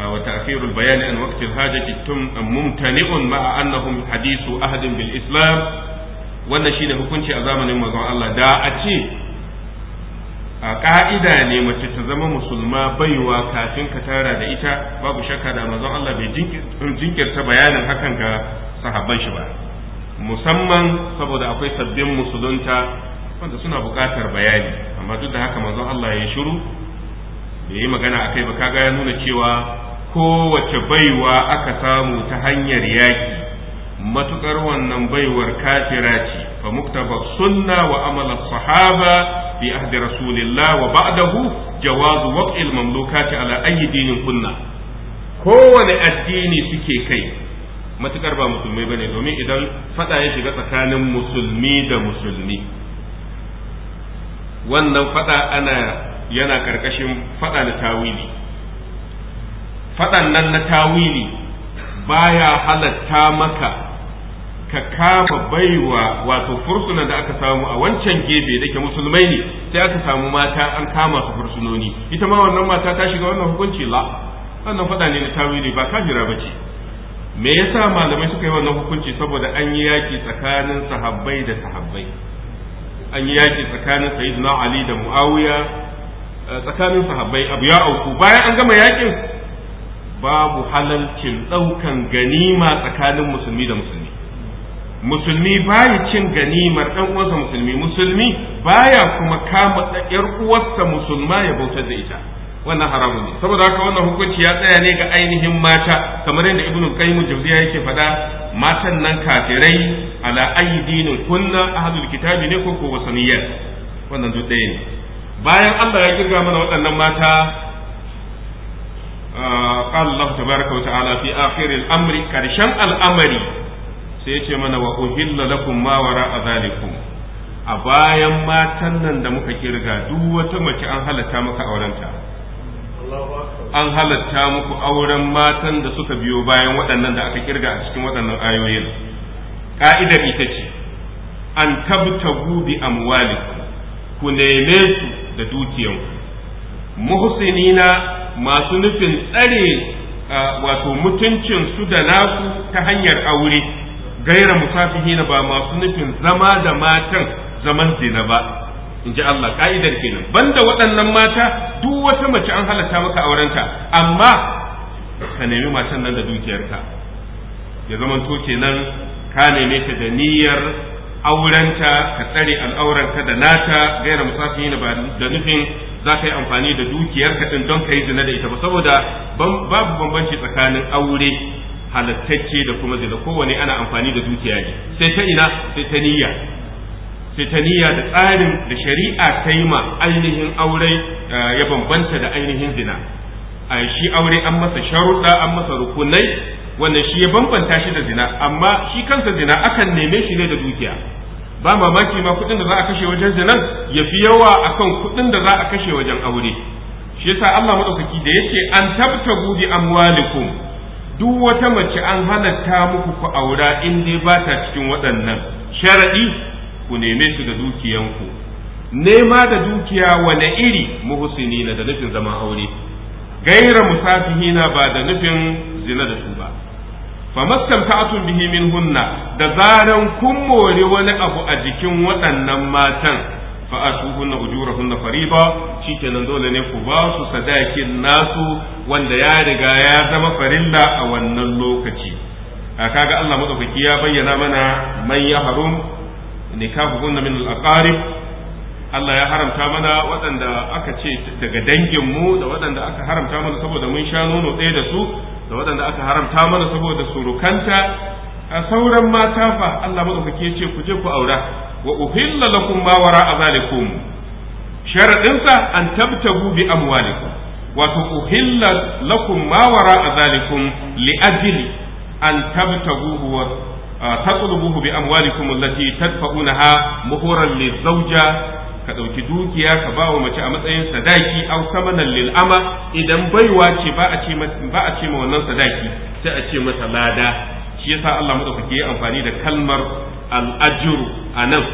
wa ta'khirul bayani an waqti al-hajati tum mumtani'un ma'a annahum Hadisu ahadin bil islam wannan shine hukunci a zamanin manzon Allah da a ce a ka'ida ne mace ta zama musulma baiwa kafin ka tara da ita babu shakka da manzon Allah bai jinkirta bayanin hakan ga sahabban shi ba musamman saboda akwai sabbin musulunta wanda suna buƙatar bayani amma duk da haka manzon Allah ya shiru da yi magana akai ba kaga ya nuna cewa kowace baiwa aka samu ta hanyar yaki matukar wannan baiwar kafira ce fa muktaba sunna wa amala sahaba bi ahdi rasulillah wa ba'dahu jawaz waqil mamlukati ala ayyi dinin kunna kowane addini suke kai matukar ba musulmai bane domin idan fada ya shiga tsakanin musulmi da musulmi wannan fada ana yana karkashin fada na tawili fadan nan na tawili baya halatta maka ka kama baiwa wato fursunan da aka samu a wancan gebe da ke musulmai ne sai aka samu mata an kama su fursunoni ita ma wannan mata ta shiga wannan hukunci la wannan fada ne na tawili ba kafira bace me yasa malamai suka yi wannan hukunci saboda an yi yaki tsakanin sahabbai da sahabbai an yi yaki tsakanin sayyidina ali da muawiya eh, tsakanin sahabbai abu ya auku bayan an gama yakin babu halalcin daukan ganima tsakanin musulmi da musulmi musulmi baya cin ganimar dan uwansa musulmi musulmi baya kuma kama da yar uwarsa musulma ya bautar da ita wannan haramun ne saboda haka wannan hukunci ya tsaya ne ga ainihin mata kamar yadda ibn qayyim jawziya yake faɗa matan nan kafirai ala aydinin kunna ahlul kitabi ne ko ko wasaniyat wannan duk ɗaya ne bayan Allah ya kirga mana waɗannan mata قال الله تبارك وتعالى في آخر الأمر كرشان الأمر سيتي من وأهل لكم ما وراء ذلكم a bayan matan nan da muka kirga duk wata mace an halatta maka aurenta an halatta muku auren matan da suka biyo bayan waɗannan da aka kirga a cikin waɗannan ayoyin ka'idar ita ce an tabta gubi amwali ku neme su da dukiyanku muhsinina masu nufin tsare wato mutuncin su da nasu ta hanyar aure gaira musafihina ba masu nufin zama da matan zaman zina ba in ji Allah ka'idar kenan banda waɗannan mata duk wata mace an halatta maka aurenta amma ka nemi matan nan da dukiyarka ya zamanto kenan ka neme ta da niyyar aurenta ka tsare al'auranka da nata gaira musafin ba da nufin za ka yi amfani da dukiyarka din don ka yi zina da ita ba saboda babu bambanci tsakanin aure halattacce da kuma zina kowane ana amfani da dukiya ne sai ta ina sai ta niyya fitaniya da tsarin da shari'a ta yi ma ainihin aure eh, ya bambanta da ainihin zina a shi aure an masa sharuɗa an masa rukunai wannan shi ya bambanta shi da zina amma shi kansa zina akan neme shi ne da dukiya ba mamaki ma kuɗin da za a kashe wajen zinan ya fi yawa akan kuɗin da za a kashe wajen aure shi yasa Allah madaukaki da yace an gudi bi amwalikum duk wata mace an halatta muku ku aura in dai ba ta cikin waɗannan sharaɗi. ku neme su da dukiyanku nema da dukiya wane iri na da nufin zaman aure gaira musafihina ba da nufin zina da su ba famastamta'atun bihi hunna da zaran kun mori wani abu a jikin waɗannan matan fa asuhunna ujurahunna fariba shikenan dole ne ku ba su sadakin nasu wanda ya riga ya zama farilla a wannan lokaci kaga Allah madaukaki ya bayyana mana man ya harum nikahuhunna min al-aqarib Allah ya haramta mana waɗanda aka ce daga danginmu da waɗanda aka haramta mana saboda mun sha nono ɗaya da su da waɗanda aka haramta mana saboda surukanta a sauran mata fa Allah madaukake ce ku je ku aura wa uhilla lakum ma wara azalikum sharadin sa an tabtagu bi amwalikum wato uhilla lakum ma wara azalikum li ajli an tabtagu tatlubuhu bi na ha, tadfa'unaha muhuran lizawja ka ɗauki dukiya ka ba wa mace a matsayin sadaki au samanan lil'ama idan baiwa ce ba a ce ba a ce ma wannan sadaki sai a ce mata lada shi yasa Allah madaukake ya amfani da kalmar a nan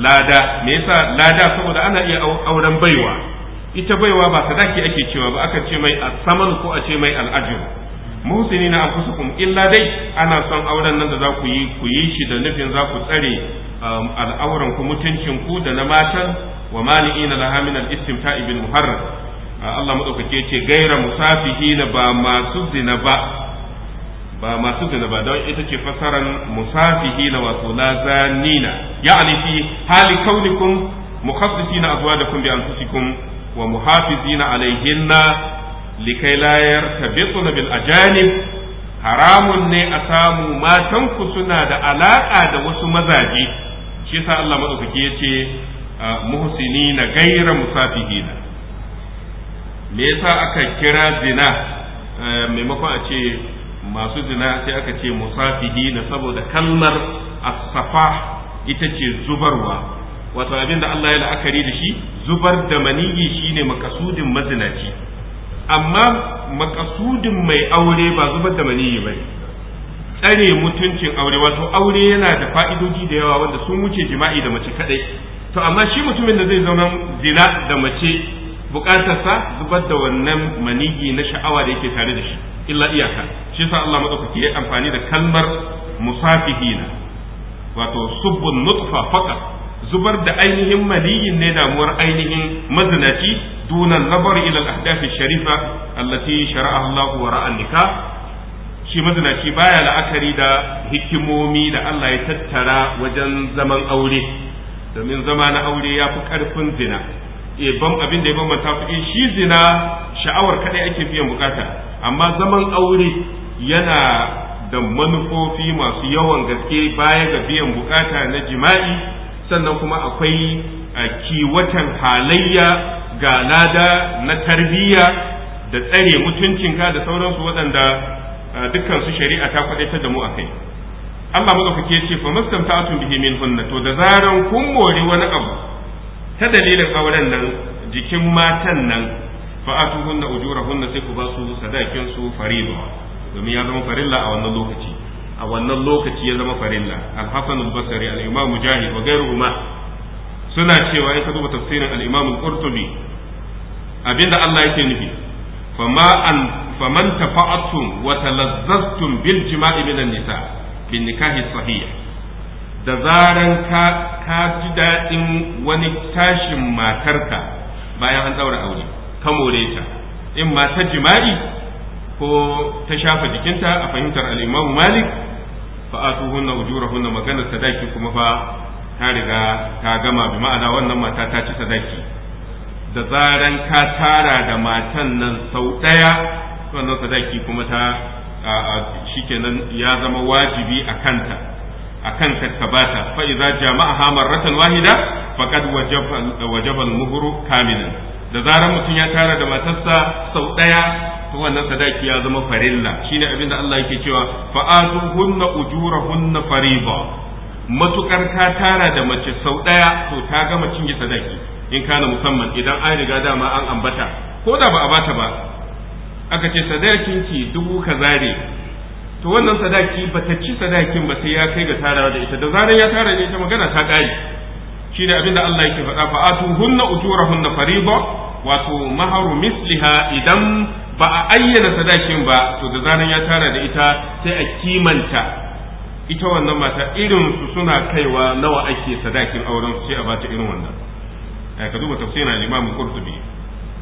lada me yasa lada saboda ana iya auren baiwa ita baiwa ba sadaki ake cewa ba akan ce mai asaman ko a ce mai al'ajru musini na anfusukum illa dai ana son auren nan da za ku yi ku yi shi da nufin za ku tsare um, al'auran ku mutuncin ku da na matan wa mani'ina laha min al-istimta'i bil muharram uh, Allah madaukake ce gaira musafihina ba masu zina ba ba masu zina ba don ita ce fasaran musafihina wato lazanina ya alifi hali kaunikum mukhassisina azwajakum bi anfusikum wa muhafizina alayhinna likai layar tabituna bil ajanib haramun ne a samu matanku suna da alaƙa da wasu mazaje shi yasa Allah ke yace ah, muhsinina gaira musafihina me yasa aka kira zina eh, maimakon a ce masu zina sai aka ce musafihina saboda kalmar as-safa ita ce zubarwa wato da Allah ya la'akari da shi zubar da maniyi shine makasudin mazinaci amma makasudin mai aure ba zubar da maniyi bai. tsare mutuncin aure wato aure yana da fa'idoji da yawa wanda sun wuce jima'i da mace kadai to amma shi mutumin da zai zama zina da mace bukatarsa zubar da wannan maniyi na sha'awa da yake tare da shi illa iyaka shi yasa Allah madaukaki ya amfani da kalmar musafihina wato subbun nutfa faqat zubar da ainihin maliyin ne damuwar ainihin mazinaci dunan nabar ila al-ahdafi sharifa allati shara'a Allah wa ra'a nikah shi mazinaci baya la'akari da hikimomi da Allah ya tattara wajen zaman aure domin zama na aure ya fi karfin zina eh, ban abin da ya bambanta su eh, shi zina sha'awar kadai ake biyan bukata amma zaman aure yana da manufofi masu yawan gaske baya ga biyan bukata na jima'i sannan kuma akwai kiwatan halayya ga lada na tarbiyya da tsare mutuncinka da sauransu waɗanda dukkan su shari'a ta kwaɗaita da mu a kai Allah ke ce fa mastamta'atun bihi min hunna to da zaran kun mori wani abu ta dalilin auren nan jikin matan nan fa atuhunna ujurahunna sai ku ba su sadakin su farida domin ya zama farilla a wannan lokaci a wannan lokaci ya zama farilla al-hasan al-basri al-imam mujahid wa ghayruhuma suna cewa ya ka tafsirin al-imam al-qurtubi abinda Allah yake nufi fama an faman tafa'atum wa talazzaztum bil jima'i min an-nisa bin nikahi sahih da zaran ka ka ji dadin wani tashin matarka bayan an daura aure ka more ta in ma ta jima'i ko ta shafa jikinta a fahimtar al-imam malik fa'atuhunna ujurahunna maganar sadaki kuma fa ta riga ta gama bi ma'ana wannan mata ta ci sadaki da zaran ka tara da matan nan sau ɗaya wannan sadaki kuma ta shikenan ya zama wajibi a kanta a kan ka bata fa idza hamar marratan wahida faqad wajaba wajaba al-muhru kamilan da zarar mutum ya tara da matarsa sau ɗaya to wannan sadaki ya zama farilla shine abinda Allah yake cewa fa'atu hunna ujurahunna fariba matukar ka tara da mace sau ɗaya to ta gama cinye sadaki in kana musamman idan an riga dama an ambata ko da ba a bata ba aka ce sadakin ki dubu kaza ne to wannan sadaki bata ci sadakin ba sai ya kai ga tarawa da ita da zarar ya tara ne ita magana ta ƙare Shi abin da Allah yake faɗa fa ujura hunna fariba wato maharu misliha idan ba a ayyana sadakin ba to da zanen ya tara da ita sai a kimanta ita wannan mata irin su suna kaiwa nawa ake sadakin auren su sai a bata irin wannan ai eh, ka duba tafsirin al-Imam Qurtubi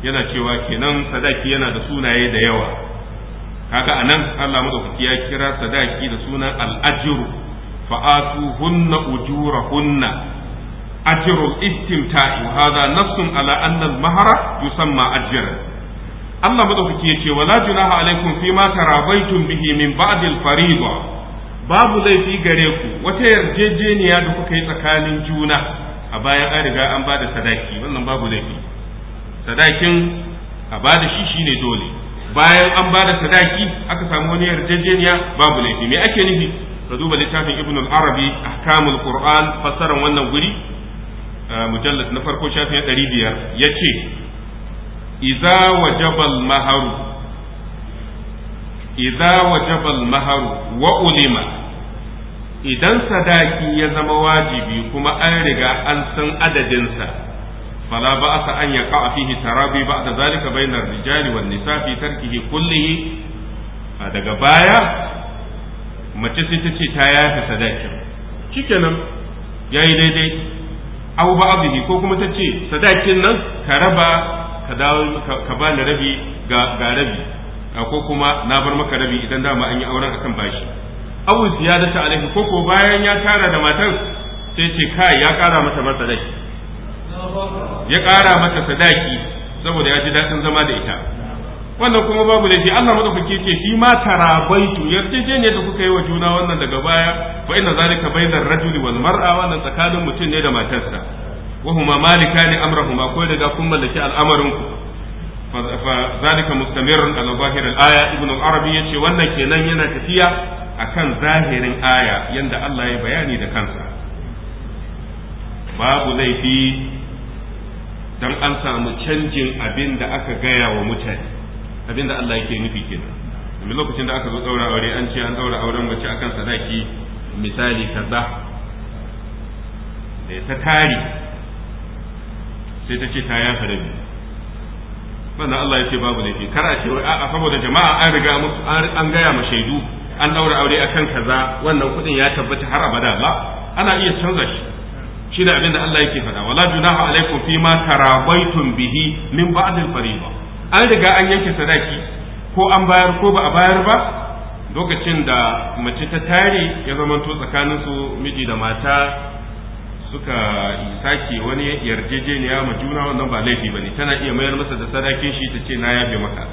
yana cewa kenan sadaki yana da sunaye da yawa kaga anan Allah madaukaki ya kira sadaki da sunan al-ajru fa'atuhunna ujurahunna ajrul istimta'i wa hadha nafsun ala anna al-mahra yusamma ajran Allah madaukaki yace wala junaha alaikum fi ma tarabaitum bihi min ba'd al-fariida babu laifi gare ku wata yarjejeniya da kuka yi tsakanin juna a bayan an riga an bada sadaki wannan babu laifi sadakin a bada shi shine dole bayan an ba da sadaki aka samu wani yarjejeniya babu laifi me ake nufi ka duba littafin ibn al-arabi ahkamul qur'an wannan guri mujallad na farko shafin ɗari biyar ya ce iza wajabal maharu iza wajabal maharu wa ulima idan sadaki ya zama wajibi kuma an riga an san adadinsa fala ba asa an ya ka'a fihi tarabi ba da zalika bainar rijali wan nisa fi tarkihi kullihi daga baya mace sai ta ce ta yafe sadakin shikenan yayi daidai Auba ba'dihi ko kuma ta ce sadakin nan ka raba ka dawo ka bani rabi ga rabi ko kuma na bar maka rabi idan dama an yi auren akan bashi ziyada ta alaihi ko ko bayan ya tara da matan sai ce kai ya kara mata ma sadaki ya kara mata sadaki saboda ya ji dadin zama da ita wannan kuma babu laifi Allah madaukaki ce shi ma tarabaitu yarjejeniyar da kuka yi wa juna wannan daga baya fa inna zalika bainar rajuli wal mar'a wannan tsakanin mutum ne da matarsa wa huma malikani amrahuma ko da ga kun mallaki al'amarin ku fa zalika mustamirun ala zahir al aya Ibnu arabi yace wannan kenan yana tafiya akan zahirin aya yanda Allah ya bayani da kansa babu laifi dan an samu canjin abin da aka gaya wa mutane abinda Allah yake nufi kenan domin lokacin da aka zo daura aure an ce an ɗaura auren mace akan sadaki misali kaza da ta tari sai ta ce ta ya farabi wannan Allah ya ce babu laifi kar a ce wai a'a saboda jama'a an riga musu an gaya ma shaidu an daura aure akan kaza wannan kudin ya tabbata har abada la ana iya canza shi shi da abin da Allah yake faɗa wala junaha alaikum fi ma tarabaitum bihi min ba'd al-fariḍa an riga an yanke sadaki ko an bayar ko ba a bayar ba lokacin da mace ta tare ya zamanto tsakanin su miji da mata suka sake wani yarjejeniya ma juna wannan ba laifi ne tana iya mayar masa da sadakin shi ta ce na yafe maka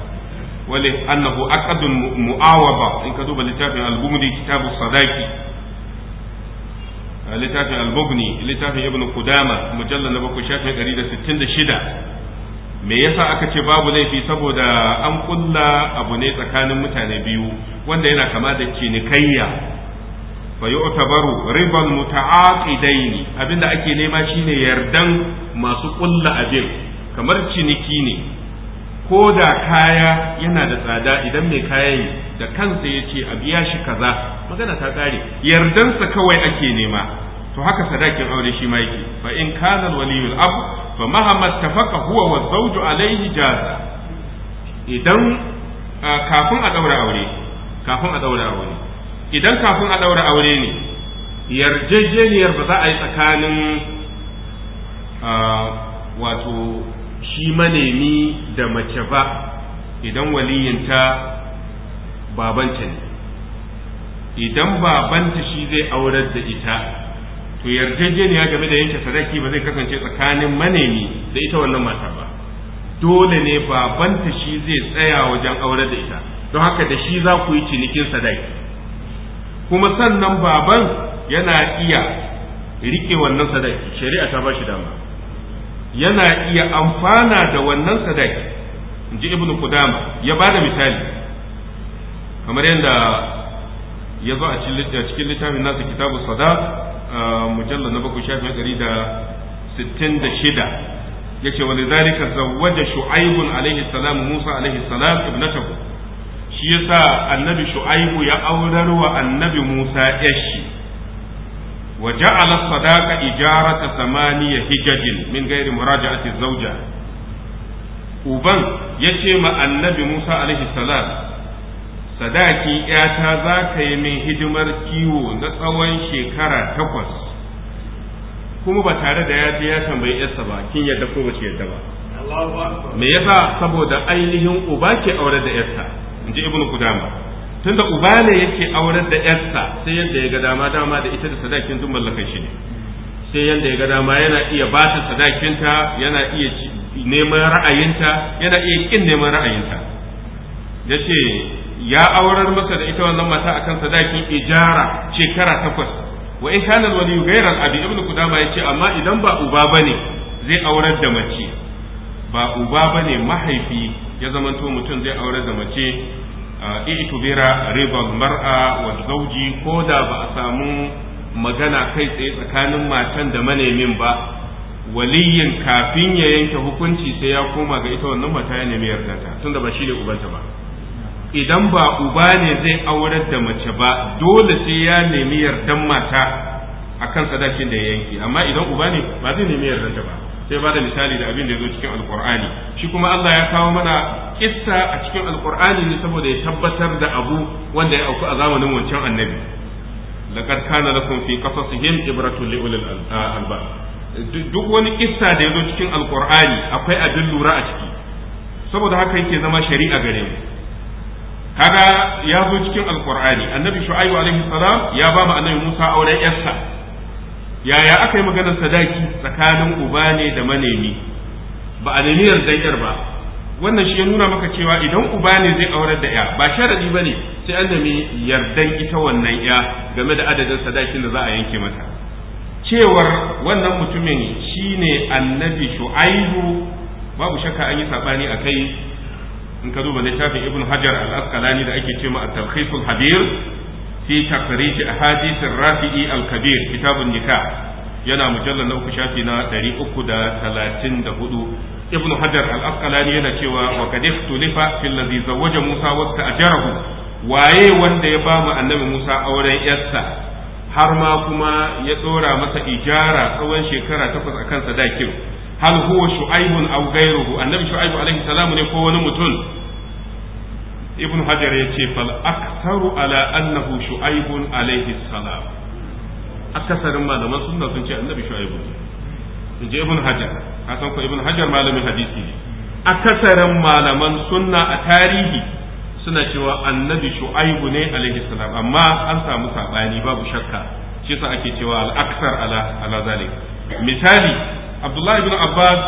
wale annahu aqdun mu'awaba in ka duba littafin al bughni kitabu sadaki littafin al-bughni littafin ibn qudama mujallal na 766 me yasa aka ce babu laifi saboda an kulla abu ne tsakanin mutane biyu wanda yana kama da cinikayya fa yu'tabaru ribal muta'aqidaini abinda ake nema shine yardan masu kulla abin kamar ciniki ne ko da kaya yana da tsada idan mai kayan da kansa ya ce a biya shi kaza magana ta tsare yardansa kawai ake nema to haka sadakin aure shi ma yake fa in kana waliyul abu fa mahama tafaka huwa wa zawju alaihi jaza idan kafin a daura aure kafin a daura aure idan kafin a daura aure ne yarjejeniyar ba za a yi tsakanin wato shi manemi da mace ba idan waliyinta babanta ne idan babanta shi zai aurar da ita to yarjejeniya game da yanke sadaki ba zai kasance tsakanin manemi da ita wannan mata ba dole ne babanta shi zai tsaya wajen aure da ita don haka da shi za ku yi cinikin sadaki kuma sannan baban yana iya rike wannan sadaki shari'a ta ba dama yana iya amfana da wannan sadaki in ji ibnu kudama ya ba da misali kamar yadda ya zo a cikin littafin nasa kitabu sadaq mujallar na bakwai shafin ɗari da sittin da shida ya ce wani zalika zawwaja shu'aibun alaihi salam musa alaihi salam ibnatahu shi yasa annabi shu'aibu ya aurar wa annabi musa yashi wa ja'ala sadaqa ijarata samaniya hijajin min ghairi muraja'ati zawja uban yace ma annabi musa alaihi salam sadaki ‘yata za ka yi min hidimar kiwo na tsawon shekara takwas kuma ba tare da ya ya tambayi ‘yarsa ba kin yadda ko ba ce yadda ba me yasa saboda ainihin uba ke aure da ‘yarsa in ji ibnu kudama tunda uba ne yake aure da ‘yarsa sai yadda ya ga dama dama da ita da sadakin duk mallakan shi ne sai yadda ya ga dama yana iya ba ta sadakinta yana iya neman ra'ayinta yana iya kin neman ra'ayinta yace ya aurar masa da ita wannan mata akan sadakin ijara shekara takwas wa in kana waliyu ghayral abi ibnu kudama yace amma idan ba uba bane zai aurar da mace ba uba bane mahaifi ya zamanto mutum zai aurar da mace i'tubira ribal mar'a wa zawji ko da ba a samu magana kai tsaye tsakanin matan da manemin ba waliyin kafin ya yanke hukunci sai ya koma ga ita wannan mata ya nemi yarda ta tunda ba shi ne ubanta ba idan ba uba ne zai aurar da mace ba dole sai ya nemi yardan mata a kan sadakin da ya yanki amma idan uba ne ba zai nemi yardan ta ba sai ba da misali da abin da ya zo cikin alkur'ani shi kuma Allah ya kawo mana kissa a cikin alkur'ani ne saboda ya tabbatar da abu wanda ya auku a zamanin wancan annabi laqad kana lakum fi qasasihim ibratun li ulil albab duk wani kissa da ya zo cikin alkur'ani akwai abin lura a ciki saboda haka yake zama shari'a gare mu kaga ya zo cikin alkur'ani annabi shu'aibu alaihi salam ya ba mu annabi musa auren yarsa yaya aka yi maganar sadaki tsakanin uba ne da manemi ba a nemi yar ba wannan shi ya nuna maka cewa idan uba ne zai aurar da ya ba sharadi bane sai an yardan ita wannan ya game da adadin sadakin da za a yanke mata cewar wannan mutumin shine annabi shu'aibu babu shakka an yi sabani akai in ka duba littafin ibn hajar al-asqalani da ake cewa at-talkhis habir fi takhrij ahadith ar-rafi'i al-kabir kitabun nikah yana mujallal na uku shafi na hudu. ibn hajar al-asqalani yana cewa wa qad ikhtulifa fi allazi zawwaja musa wa ta'jarahu waye wanda ya bamu annabi musa auren yarsa har ma kuma ya dora masa ijara tsawon shekara takwas akan sadakin hal huwa shu'aibun aw ghayruhu annabi shu'aibu alaihi salam ne ko wani mutum ibn hajar yace fal aktharu ala annahu shu'aibun alaihi salam akasarin malaman sunna sun ce annabi shu'aibu ne je ibn hajar kasan ko ibn hajar malamin hadisi ne akasarin malaman a tarihi suna cewa annabi shu'aibu ne alaihi salam amma an samu sabani babu shakka shi ake cewa al-aksar ala ala zalik misali abdullahi bin abbas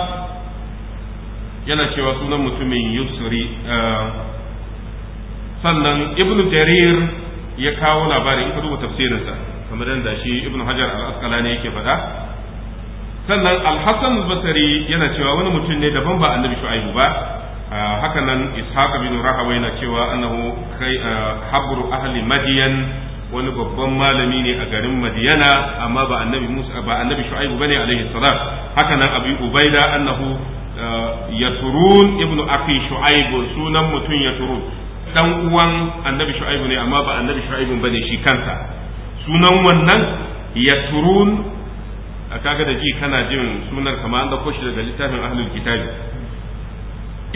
yana cewa sunan mutumin yusri eh, sannan Ibn jarir ya kawo labarin in ka duba tafsirinsa kamar yadda shi ibnu hajar al-asqalani yake faɗa sannan al-hasan al yana cewa wani mutum ne daban ba annabi shu'aibu ba eh, haka nan ishaq bin rahawai na cewa annahu eh, habru ahli madiyan wani babban malami ne a garin Madiyana amma ba annabi Musa ba annabi Shu'aibu bane alaihi salam haka nan Abi Ubaida annahu eh, Yasurun ibnu Akhi shu'aibu sunan mutun Yasurun dan uwan annabi Shu'aibu ne amma ba annabi Shu'aibu bane shi kansa sunan wannan a kaga da ji kana jin sunar kamar an da shi daga littafin ahlul kitabi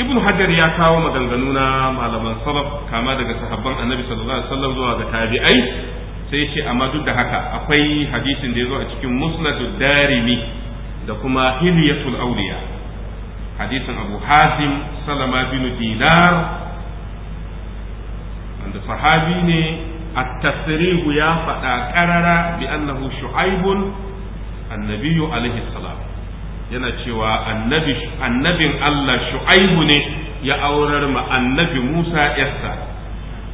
ibn hajar ya kawo maganganu na malaman salaf kama daga sahabban annabi sallallahu alaihi wasallam zuwa ga tabi'ai sai ce amma duk da haka akwai hadisin da ya zo a cikin musnadud darimi da kuma hilyatul awliya hadisin abu hazim salama bin dinar wanda sahabi ne at-tasrihu ya faɗa qarara bi annahu shu'aibun annabiyyu alaihi salam yana cewa annabin Allah shu'aibu ne ya aurar ma annabi Musa yassa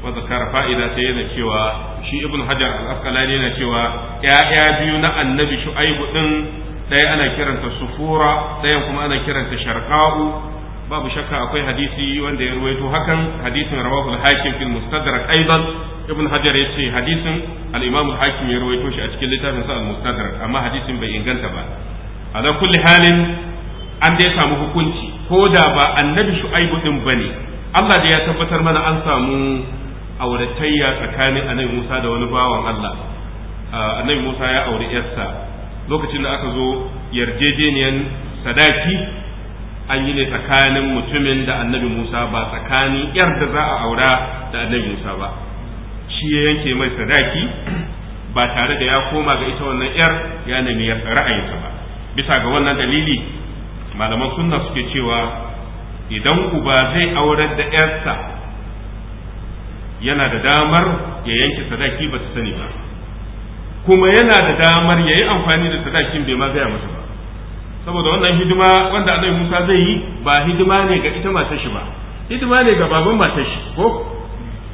wa fa'ida ta yana cewa shi ibn hajar al-asqalani yana cewa ya'ya biyu na annabi shu'aibu ɗin, ɗaya ana kiranta sufura ɗayan kuma ana kiranta sharka'u. babu shakka akwai hadisi wanda ya ruwaito hakan hadisin rawahu al-hakim fil mustadrak aidan ibn hajar yace hadisin al-imam al-hakim ya ruwaito shi a cikin littafin sa al-mustadrak amma hadisin bai inganta ba ala kulli halin an dai samu hukunci ko da ba annabi shu'aibu din bane Allah da ya tabbatar mana an samu auratayya tsakanin annabi Musa da wani bawan Allah annabi Musa ya auri yarsa lokacin da aka zo yarjejeniyan sadaki an yi ne tsakanin mutumin da annabi Musa ba tsakanin yar da za a aura da annabi Musa ba shi ya yanke mai sadaki ba tare da ya koma ga ita wannan yar ya nemi ra'ayinta ba bisa ga wannan dalili malaman sunna suke cewa idan uba zai aurar da yarsa yana da damar ya yanke sadaki ba su sani ba kuma yana da damar ya yi amfani da sadakin bai ma gaya masa ba saboda wannan hidima wanda annabi Musa zai yi ba hidima ne ga ita matar shi ba hidima ne ga baban matar shi ko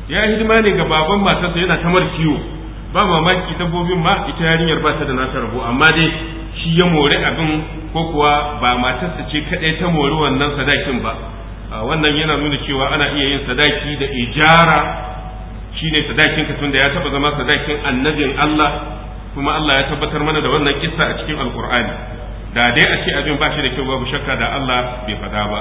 ya hidima ne ga baban matarsa yana tamar kiwo ba mamaki dabbobin ma ita yarinyar ba ta da nata rabo amma dai shi ya mori abin ko kuwa ba matarsa ce kadai ta mori wannan sadakin ba wannan yana nuna cewa ana iya yin sadaki da ijara shine sadakin ka tunda ya taba zama sadakin annabin Allah kuma Allah ya tabbatar mana da wannan kissa a cikin alkur'ani da dai a ce abin ba shi da kyau babu shakka da Allah bai fada ba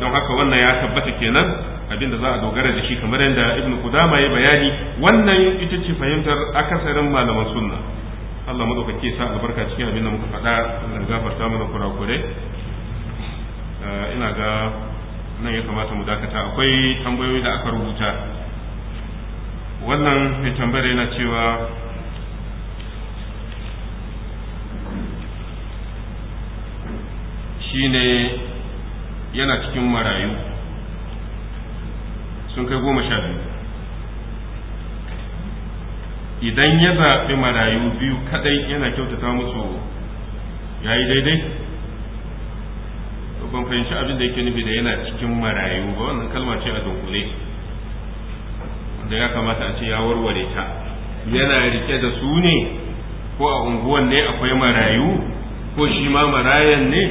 don haka wannan ya tabbata kenan abin da za a dogara da shi kamar yadda ibnu kudama ya bayani wannan ita ce fahimtar akasarin malaman sunna Allah madaukaki ya sa albarka cikin abin da muka faɗa Allah gafarta mana kurakure eh, ina ga nan ya kamata mu dakata akwai tambayoyi da aka rubuta wannan mai tambayar yana cewa ne yana cikin marayu sun kai goma sha biyu idan ya zaɓi marayu biyu kaɗai yana kyautata musu ya yi daidai ban fahimci abin da yake nufi da yana cikin marayu ba wannan kalma ce a dunkule wanda ya kamata a ce ya warware ta yana rike da su ne ko a unguwan ne akwai marayu ko shi ma marayan ne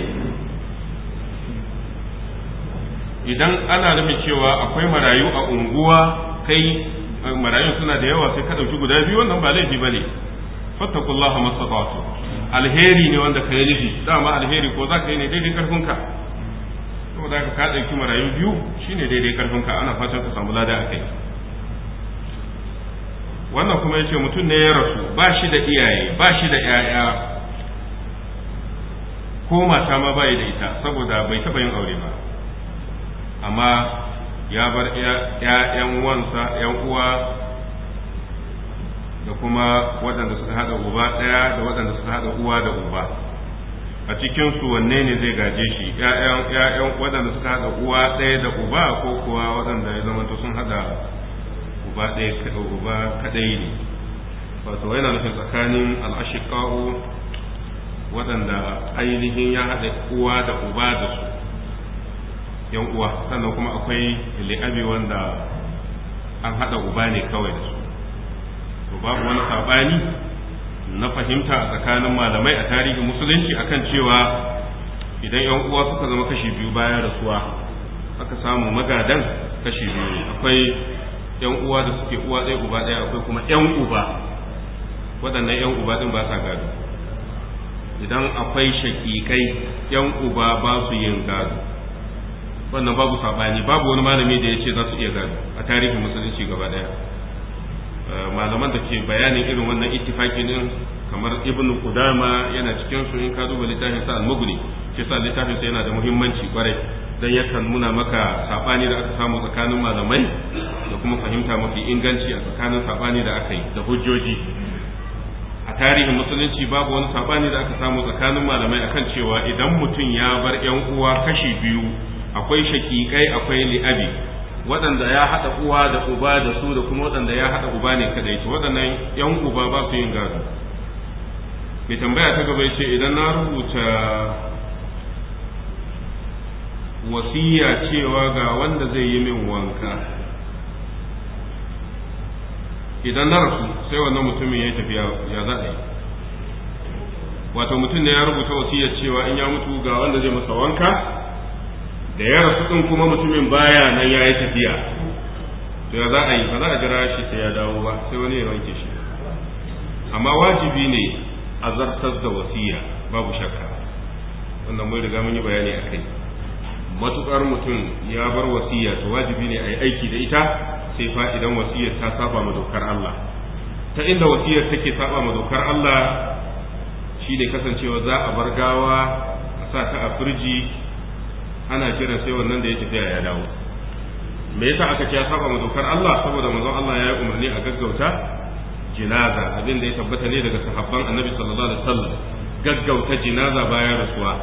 idan ana nufin cewa akwai marayu a unguwa kai marayun suna da yawa sai ka ɗauki guda biyu wannan ba laifi ba ne fattakullaha mastata'tu alheri ne wanda ka yi nufi dama alheri ko za ka yi ne daidai karfinka saboda ka ka ɗauki marayu biyu shine daidai ƙarfinka ana fatan ka samu lada a kai wannan kuma yace mutum ne ya rasu ba shi da iyaye ba shi da 'ya'ya ko mata ma bai da ita saboda bai taɓa yin aure ba amma ya bar ‘ya'yan wansa ‘yan uwa da kuma waɗanda suka haɗa uba ɗaya da waɗanda suka haɗa uwa da uba a cikinsu wanne ne zai gaje shi ‘ya'yan waɗanda suka haɗa uwa ɗaya da uba ko kuwa waɗanda ya zamanta sun haɗa uba ɗaya uba kaɗai ne wato yana nufin tsakanin al'ashikawo waɗanda ainihin ya haɗa uwa da uba da su yan uwa sannan kuma akwai li'abi wanda an haɗa uba ne kawai da su to babu wani saɓani na fahimta a tsakanin malamai a tarihin musulunci akan cewa idan yan uwa suka zama kashi biyu bayan rasuwa aka samu magadan kashi biyu akwai yan uwa da suke uwa ɗaya uba ɗaya akwai kuma yan uba waɗannan yan uba ɗin ba sa gado idan akwai shakikai yan uba ba su yin gado wannan babu sabani babu wani malami da ya ce za su iya gado a tarihin musulunci gaba daya eh, malaman da ke bayanin irin wannan ittifaki din kamar ibnu kudama yana cikin su in ka duba littafin sa al-mughni sa littafin sa yana da muhimmanci kwarai dan yakan nuna maka sabani da aka samu tsakanin malamai da kuma fahimta mafi inganci a tsakanin sabani da aka yi da hujjoji a tarihin musulunci babu wani sabani da aka samu tsakanin malamai akan cewa idan mutum ya bar yan uwa kashi biyu akwai shakikai akwai li'abi waɗanda ya haɗa uwa da uba da su da kuma waɗanda ya haɗa uba ne kadai to waɗannan yan uba ba su yin gado mai tambaya ta gaba ce idan na rubuta wasiya cewa ga wanda zai yi min wanka idan na rasu sai wannan mutumin ya tafi ya za wato mutum ne ya rubuta wasiya cewa in ya mutu ga wanda zai masa wanka da ya rasu din kuma mutumin baya nan ya yi tafiya to ya za a yi ba za a jira shi sai ya dawo ba sai wani ya wanke shi amma wajibi ne a zartar da wasiya babu shakka wannan mun riga mun yi bayani a kai matukar mutum ya bar wasiya to wajibi ne a yi aiki da ita sai fa idan wasiyar ta saba ma dokar Allah ta inda wasiyar take saba ma dokar Allah shi ne kasancewa za a bar gawa a sa ta a firji ana kiran sai wannan da ya tafiya ya dawo me yasa aka ce ya saba ma dokar Allah saboda manzon Allah ya yi umarni a gaggauta jinaza abin da ya tabbata ne daga sahabban annabi sallallahu alaihi wasallam gaggauta jinaza bayan rasuwa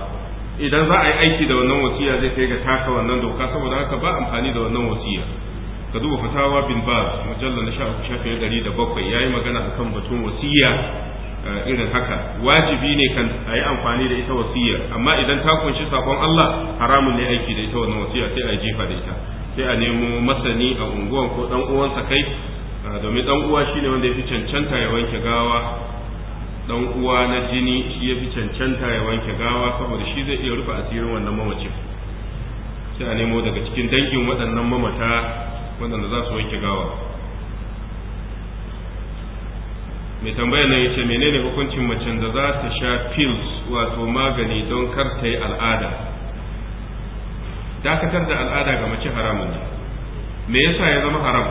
idan za a yi aiki da wannan wasiya zai kai ga taka wannan doka saboda haka ba amfani da wannan wasiya ka duba fatawa bin ba mujalla na shafi ɗari da bakwai ya yi magana akan batun wasiya Eh, irin haka wajibi ne kan a yi amfani da ita wasiyar amma idan ta kunshi sakon Allah haramun ne aiki da ita wannan wasiyar sai a jifa da ita sai a nemo masani a unguwan ko dan uwansa kai eh, domin dan uwa shine wanda yafi cancanta ya wanke gawa dan uwa na jini shi yafi cancanta ya wanke gawa saboda shi zai iya rufe asirin wannan mamacin sai a nemo daga cikin dangin waɗannan mamata waɗanda za su wanke gawa mai tambaya nan yace menene hukuncin macen da za ta sha pills wato magani don kar ta yi al'ada dakatar da al'ada ga mace haramun ne me yasa ya zama haram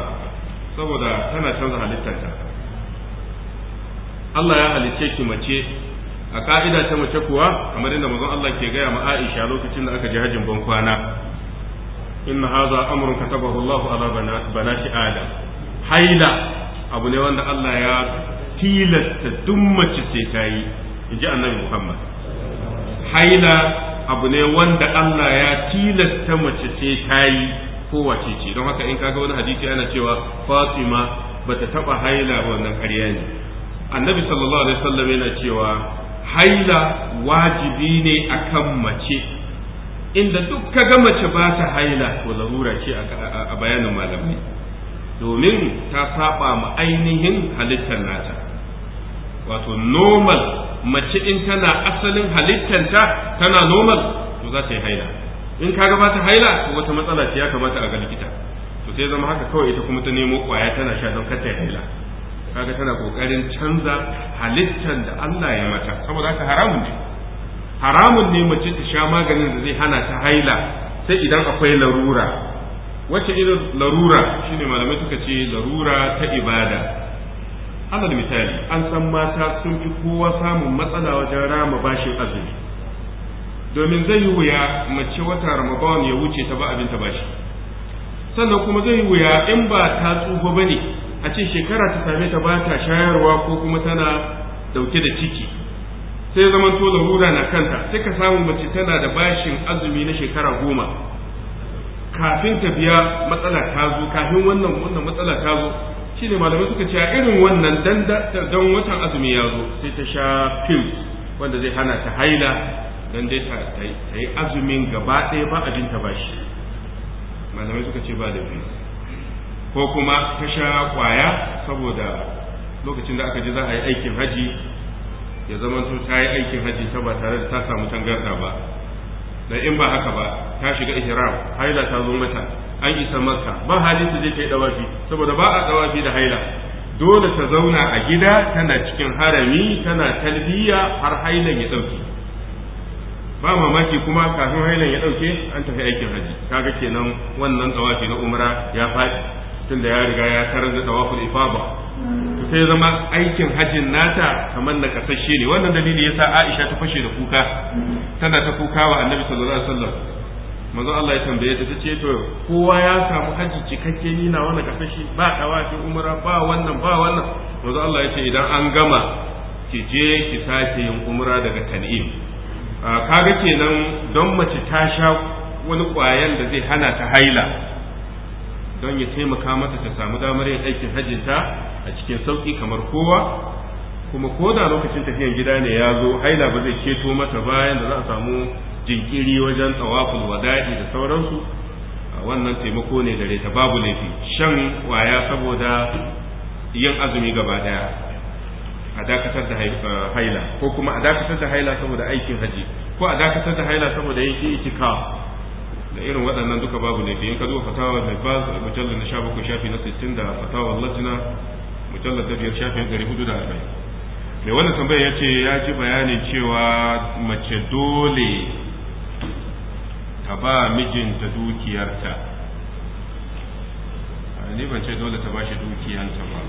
saboda tana canza halittarta Allah ya halicce ki mace a ka'ida ta mace kuwa kamar inda manzon Allah ke gaya ma Aisha lokacin da aka je hajjin ban kwana inna hadha amrun katabahu Allahu ala banati adam haila abu ne wanda Allah ya tilasta duk mace sai ta yi in ji annabi muhammad haila abu ne wanda allah ya tilasta mace sai ta yi wace ce don haka in kaga wani hadisi ana cewa fatima ta taɓa haila wannan ƙarya ne annabi sallallahu alaihi wasallam yana cewa haila wajibi ne akan mace inda duk kaga mace ba ta haila to larura ce a bayanin malamai domin ta saba ma ainihin halittar nata wato normal mace in tana asalin halittanta tana normal to za ta yi haila in ka ga ta haila to wata matsala ce ya kamata a ga likita to sai zama haka kawai ita kuma ta nemo kwaya tana sha don yi haila kaga tana kokarin canza halittan da Allah ya mata saboda haka haramun ne haramun ne mace ta sha maganin da zai hana ta haila sai idan akwai larura wace irin larura shine malamai suka ce larura ta ibada alal misali an san mata sun fi kowa samun matsala wajen rama bashin azumi domin zai yi wuya mace wata ramadan ya wuce ta ba abin ta bashi sannan kuma zai yi wuya in ba ta tsufa ba ne a ce shekara ta same ta ba ta shayarwa ko kuma tana dauke da ciki sai zaman to larura na kanta sai ka samu mace tana da bashin azumi na shekara goma kafin ta biya matsala ta zo kafin wannan wannan matsala ta zo shine malamai suka ce a irin wannan dan dan watan azumi ya zo sai ta sha fil wanda zai hana ta haila dan dai ta yi azumin gaba ɗaya ba abinta ba shi malamai suka ce ba da biyu ko kuma ta sha kwaya saboda lokacin da aka ji za a yi aikin haji ya zama to ta yi aikin haji ta ba tare da ta samu tangarda ba da in ba haka ba ta shiga ihram haila ta zo mata an isa makka ba hali zai je ta yi dawafi saboda ba a dawafi da haila dole ta zauna a gida tana cikin harami tana talbiya har hailan ya dauke ba mamaki kuma kafin hailan ya dauke an tafi aikin haji kaga kenan wannan dawafi na umra ya faɗi tun da ya riga ya tarar da dawafin ifaba to sai zama aikin hajin nata kamar na kasashe ne wannan dalili yasa Aisha ta fashe da kuka tana ta kuka wa Annabi sallallahu alaihi wasallam manzo Allah ya tambaye ta tace to kowa ya samu haji cikakke ni na wannan kafashi ba tawafi umra ba wannan ba wannan manzo Allah ya ce idan an gama ki je ki sake yin umra daga tan'im kaga kenan don mace ta sha wani kwayan da zai hana ta haila don ya taimaka mata ta samu damar yin aikin hajjinta a cikin sauki kamar kowa kuma ko da lokacin tafiyan gida ne ya zo haila ba zai ceto mata bayan da za a samu jinkiri wajen tsawafin wada'i da sauransu wannan taimako ne da ta babu laifi shan waya saboda yin azumi gaba daya a dakatar da haila ko kuma a dakatar da haila saboda aikin haji ko a dakatar da haila saboda yin itika da irin waɗannan duka babu laifi in ka zo fatawa mai ba mujallar na 17 shafi na 60 da fatawar latina mujallar da biyar shafi 440 mai wannan tambayar ya ce ya ji bayanin cewa mace dole ta ba mijinta dukiyarta ni ban ce dole ta ba shi dukiyanta ba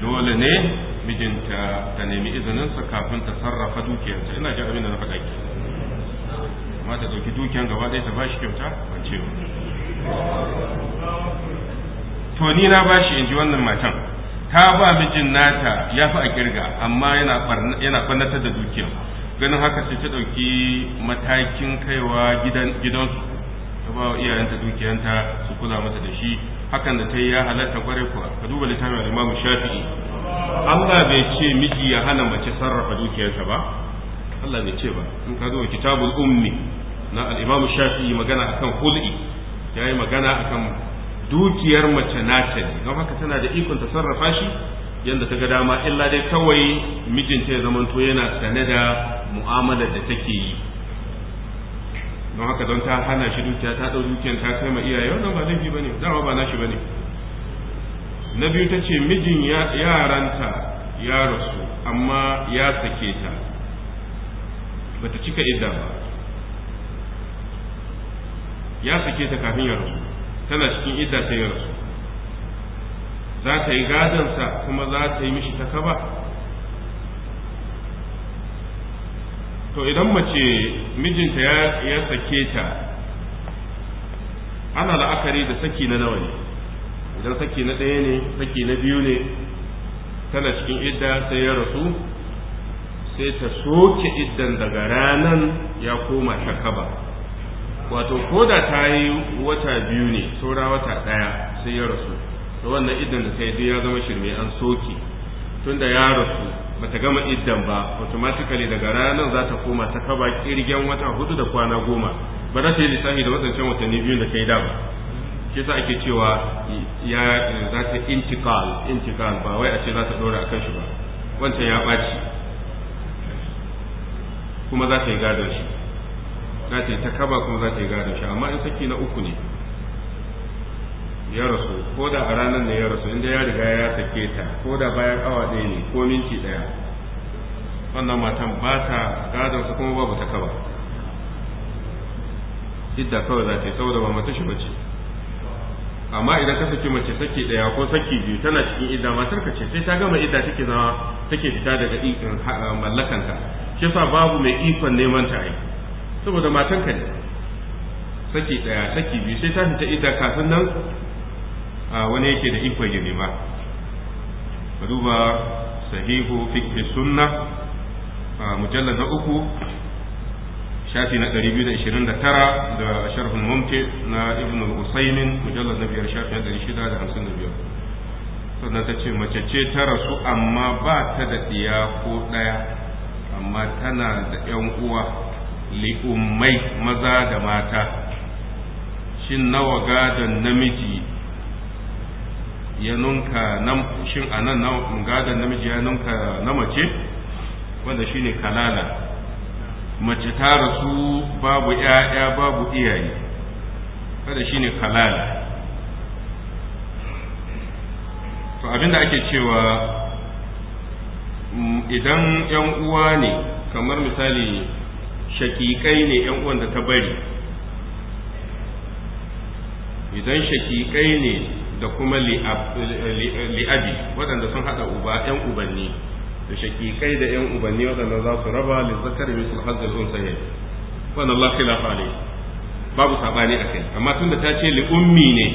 dole ne mijinta ta nemi izininsa kafin ta sarrafa dukiyarta ina ji abin da na faɗa ke amma ta ɗauki dukiyan gaba ɗaya ta ba shi kyauta ban ce ba. to ni na ba shi in ji wannan matan ta ba mijin nata ya fi a kirga amma yana ɓannatar da dukiyar ganin haka sai ta ɗauki matakin kaiwa gidansu ta ba wa iyayenta dukiyanta su kula mata da shi hakan da ta yi ya halatta kwarai kuwa ka duba littafin al'imamu shafi'i Allah bai ce miji ya hana mace sarrafa dukiyarsa ba Allah bai ce ba in ka zo kitabul ummi na al'imamu shafi'i magana akan hul'i ya yi magana akan dukiyar mace nace ne don haka tana da ikon ta sarrafa shi yadda ta ga dama illa dai kawai mijinta ya zamanto yana sane da mu'amalar da take yi don haka don ta hana shi dukiya ta ɗau dukiyar ta kai ma iyaye wannan ba laifi bane dama ba nashi bane na biyu ta ce mijin yaranta ya rasu amma ya sake ta bata cika idda ba ya sake ta kafin ya rasu tana cikin idda sai ya rasu za ta yi gadonsa kuma za ta yi mishi takaba to idan mace mijinta ya sake ta ana la'akari da saki na nawa ne idan saki na ɗaya ne saki na biyu ne tana cikin idda sai ya rasu sai ta soke iddan daga ranan ya koma shakaba wato ko da ta yi wata biyu ne saura wata ɗaya sai ya rasu to wannan iddan da ta yi ya zama shirme an soke tunda ya rasu bata gama iddan ba automatically daga ranar za ta koma ta kaba kirgen wata hudu da kwana goma ba za ta yi lissafi da wadancan watanni biyu da ta yi ba shi yasa ake cewa ya za ta intikal intikal ba wai a ce za ta dora akan shi ba wancan ya ɓaci kuma za ta yi gadon shi za ta yi ta kaba kuma za ta yi gadon shi amma in saki na uku ne ya rasu ko da a ranar da ya rasu inda ya riga ya sake ta ko da bayan awa ɗaya ne ko minti ɗaya wannan matan ba ta gadon su kuma babu ta kaba idda kawai za ta yi saboda ba mata shi bace amma idan ka saki mace saki ɗaya ko saki biyu tana cikin idda matar ka ce sai ta gama idda take zama take fita daga ikin mallakanta shi sa babu mai ikon neman ta aiki saboda matan ka ne saki ɗaya saki biyu sai ta fita idda kafin nan wani yake da ikon ya nema ka duba sahihu fiqh sunna mujallad na uku shafi na 229 da sharhul mumti na ibn al-usaymin mujallad na biyar shafi na 655 sannan ta ce mace ce ta rasu amma ba ta da diya ko daya amma tana da yan uwa li'ummai maza da mata shin nawa gadon namiji ya nunka nan shin a nan gadon namiji ya nunka na mace wanda shine kalala mace ta rasu babu ‘ya'ya babu iyaye kada shine kalala to abinda ake cewa mm, idan ‘yan uwa ne kamar misali shakikai ne ‘yan uwan da ta bari idan shakikai ne da kuma li'abi waɗanda sun haɗa uba ‘yan ubanni da shakikai da ‘yan ubanni waɗanda za su raba li zakar misul hajjal unsaye wannan Allah khilafa ne babu saɓani a kai amma tun da ta ce li'ummi ne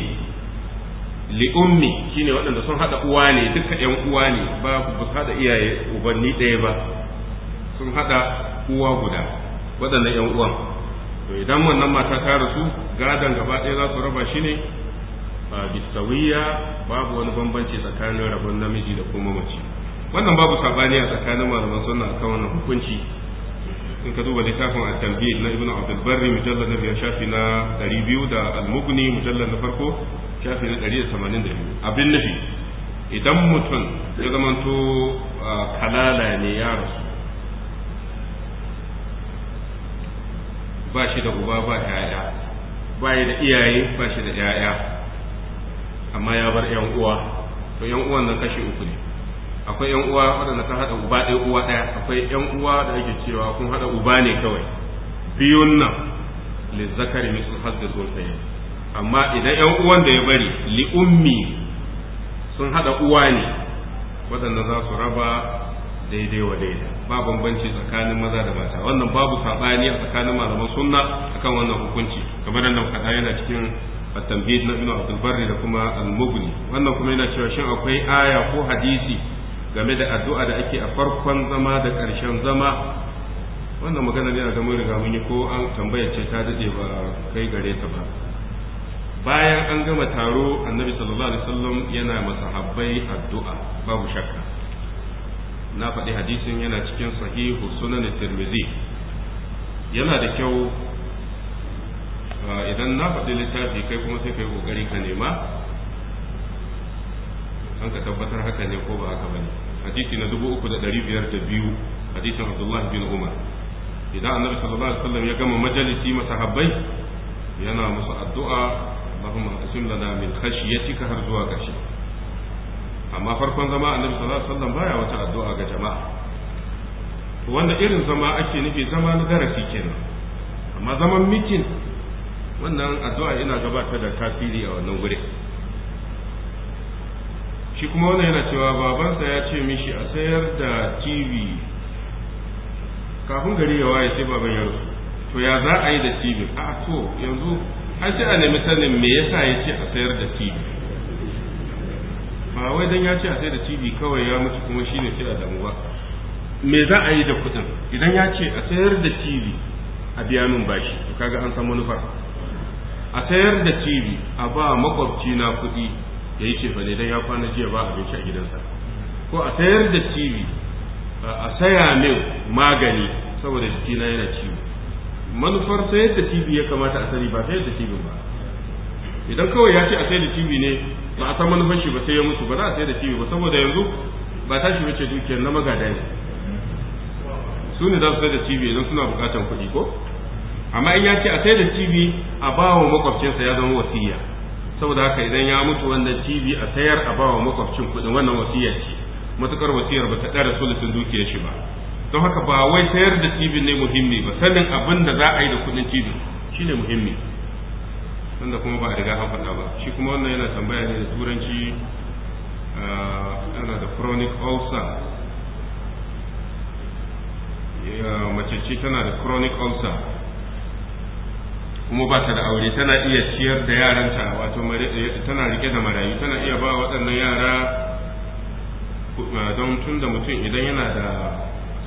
li'ummi shi ne waɗanda sun haɗa uwa ne duka ‘yan uwa ne ba ku haɗa iyaye ubanni ɗaya ba sun haɗa uwa guda waɗanda ‘yan uwan to idan wannan mata ta rasu gadon gaba ɗaya za su raba shi ne bisawiya babu wani bambanci tsakanin rabon namiji da kuma mace wannan babu sabani a tsakanin malaman sunna akan wannan hukunci in ka duba littafin at-tanbih na ibnu abdul barri mujallad na biyar shafi na 200 da al-mughni mujallad na farko shafi na 182 abin nufi idan mutum ya zamanto kalala ne ya rasu ba shi da uba ba 'ya'ya ba da iyaye ba shi da 'ya'ya amma ya bar yan uwa to yan uwan nan kashi uku ne akwai yan uwa waɗanda ka haɗa uba ɗaya uwa ɗaya akwai yan uwa da ake cewa kun haɗa uba ne kawai biyun nan li misu hadda zuwa zulfayn amma idan yan uwan da ya bari li ummi sun haɗa uwa ne waɗanda za su raba daidai wa daidai ba bambanci tsakanin maza da mata wannan babu saɓani a tsakanin malaman sunna akan wannan hukunci kamar da nan yana cikin التنبيه tamhid na البر لكما المغني da kuma al-mughni wannan kuma yana cewa shin akwai aya ko hadisi game da addu'a da ake a farkon zama da ƙarshen zama wannan magana ne a ga yi ko an tambayar ce ta dade ba kai gare ta ba bayan an gama taro annabi sallallahu alaihi wasallam yana masahabai addu'a babu shakka na faɗi hadisin yana cikin sahihu sunan tirmidhi yana da kyau Eh, idan na faɗi littafi kai kuma sai kai yi ƙoƙari ka nema an ka tabbatar haka ne ko ba haka ba ne hadisi na dubu uku da ɗari biyar da biyu hadisin abdullahi bin umar idan annabi sallallahu alaihi wasallam ya gama majalisi masahabbai yana musu addu'a Allahumma asim lana min khashiyatika har zuwa gashi amma farkon zama annabi sallallahu alaihi wasallam baya wata addu'a ga jama'a to wanda irin zama ake nufi zama na darasi kenan amma zaman mitin wannan addu'a yana gabata da tasiri a wannan wuri shi kuma wannan yana cewa babansa ya ce mishi a sayar da tv kafin gari ya waye sai baban ya rasu to ya za a yi da tv a to yanzu an ce a nemi sanin me yasa ya ce a sayar da tv ba wai dan ya ce a sayar da tv kawai ya mutu kuma ne sai a damu ba me za a yi da kudin idan ya ce a sayar da tv a biya min bashi to kaga an san manufa. a sayar da TV a ba makwabci na kuɗi ya yi cefa ne don ya kwana jiya ba abinci a gidansa ko a sayar da TV a saya min magani saboda jikina yana ciwo manufar sayar da TV ya kamata a sani ba sayar da TV ba idan kawai ya ce a sayar da TV ne ba a san manufar shi ba sai ya mutu ba za a sayar da TV ba saboda yanzu ba ta shi bace dukiyar na magada ne su ne za su sayar da TV idan suna bukatan kuɗi ko amma in ya ce a sai da TV a bawa makwabcinsa ya zama wasiya saboda haka idan ya mutu wannan TV a sayar a bawa makwabcin kuɗin wannan wasiya ce matukar wasiyar ba ta ɗara sulusun dukiyar shi ba don haka ba wai sayar da TV ne muhimmi ba sanin abin da za a yi da kuɗin TV shine muhimmi wanda kuma ba a riga an faɗa ba shi kuma wannan yana tambaya ne da turanci ah, yana da chronic ulcer mace ce tana da chronic ulcer kuma ba ta da aure tana iya ciyar da yaranta wato tana rike da marayu tana iya ba waɗannan yara eh, don tun da mutum idan yana da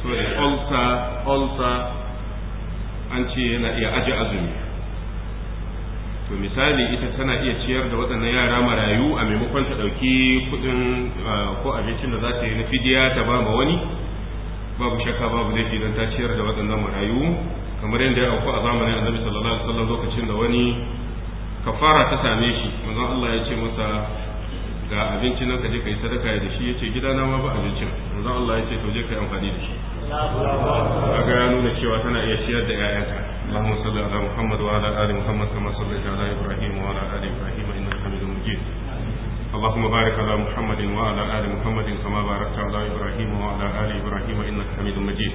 sorry eh, ulsa ulsa an ce yana iya aji azumi to misali ita tana iya ciyar da waɗannan yara marayu a maimakon ta ɗauki kuɗin eh, ko abincin da za ta yi na fidiya ta ba ma wani babu shakka babu laifi don ta ciyar da waɗannan marayu kamar yadda ya auku a zamanin annabi sallallahu alaihi wasallam lokacin da wani kafara ta same shi manzon Allah ya ce masa ga abincin nan ka je kai sadaka da shi yace gidana ma ba abincin manzon Allah ya ce to je kai amfani da shi kaga ya nuna cewa tana iya ciyar da ƴaƴanta اللهم صل على محمد kama ال ala ibrahim wa ala ابراهيم وعلى ال ابراهيم انك حميد مجيد اللهم بارك على محمد وعلى ال محمد كما باركت على ابراهيم وعلى ال ابراهيم انك حميد مجيد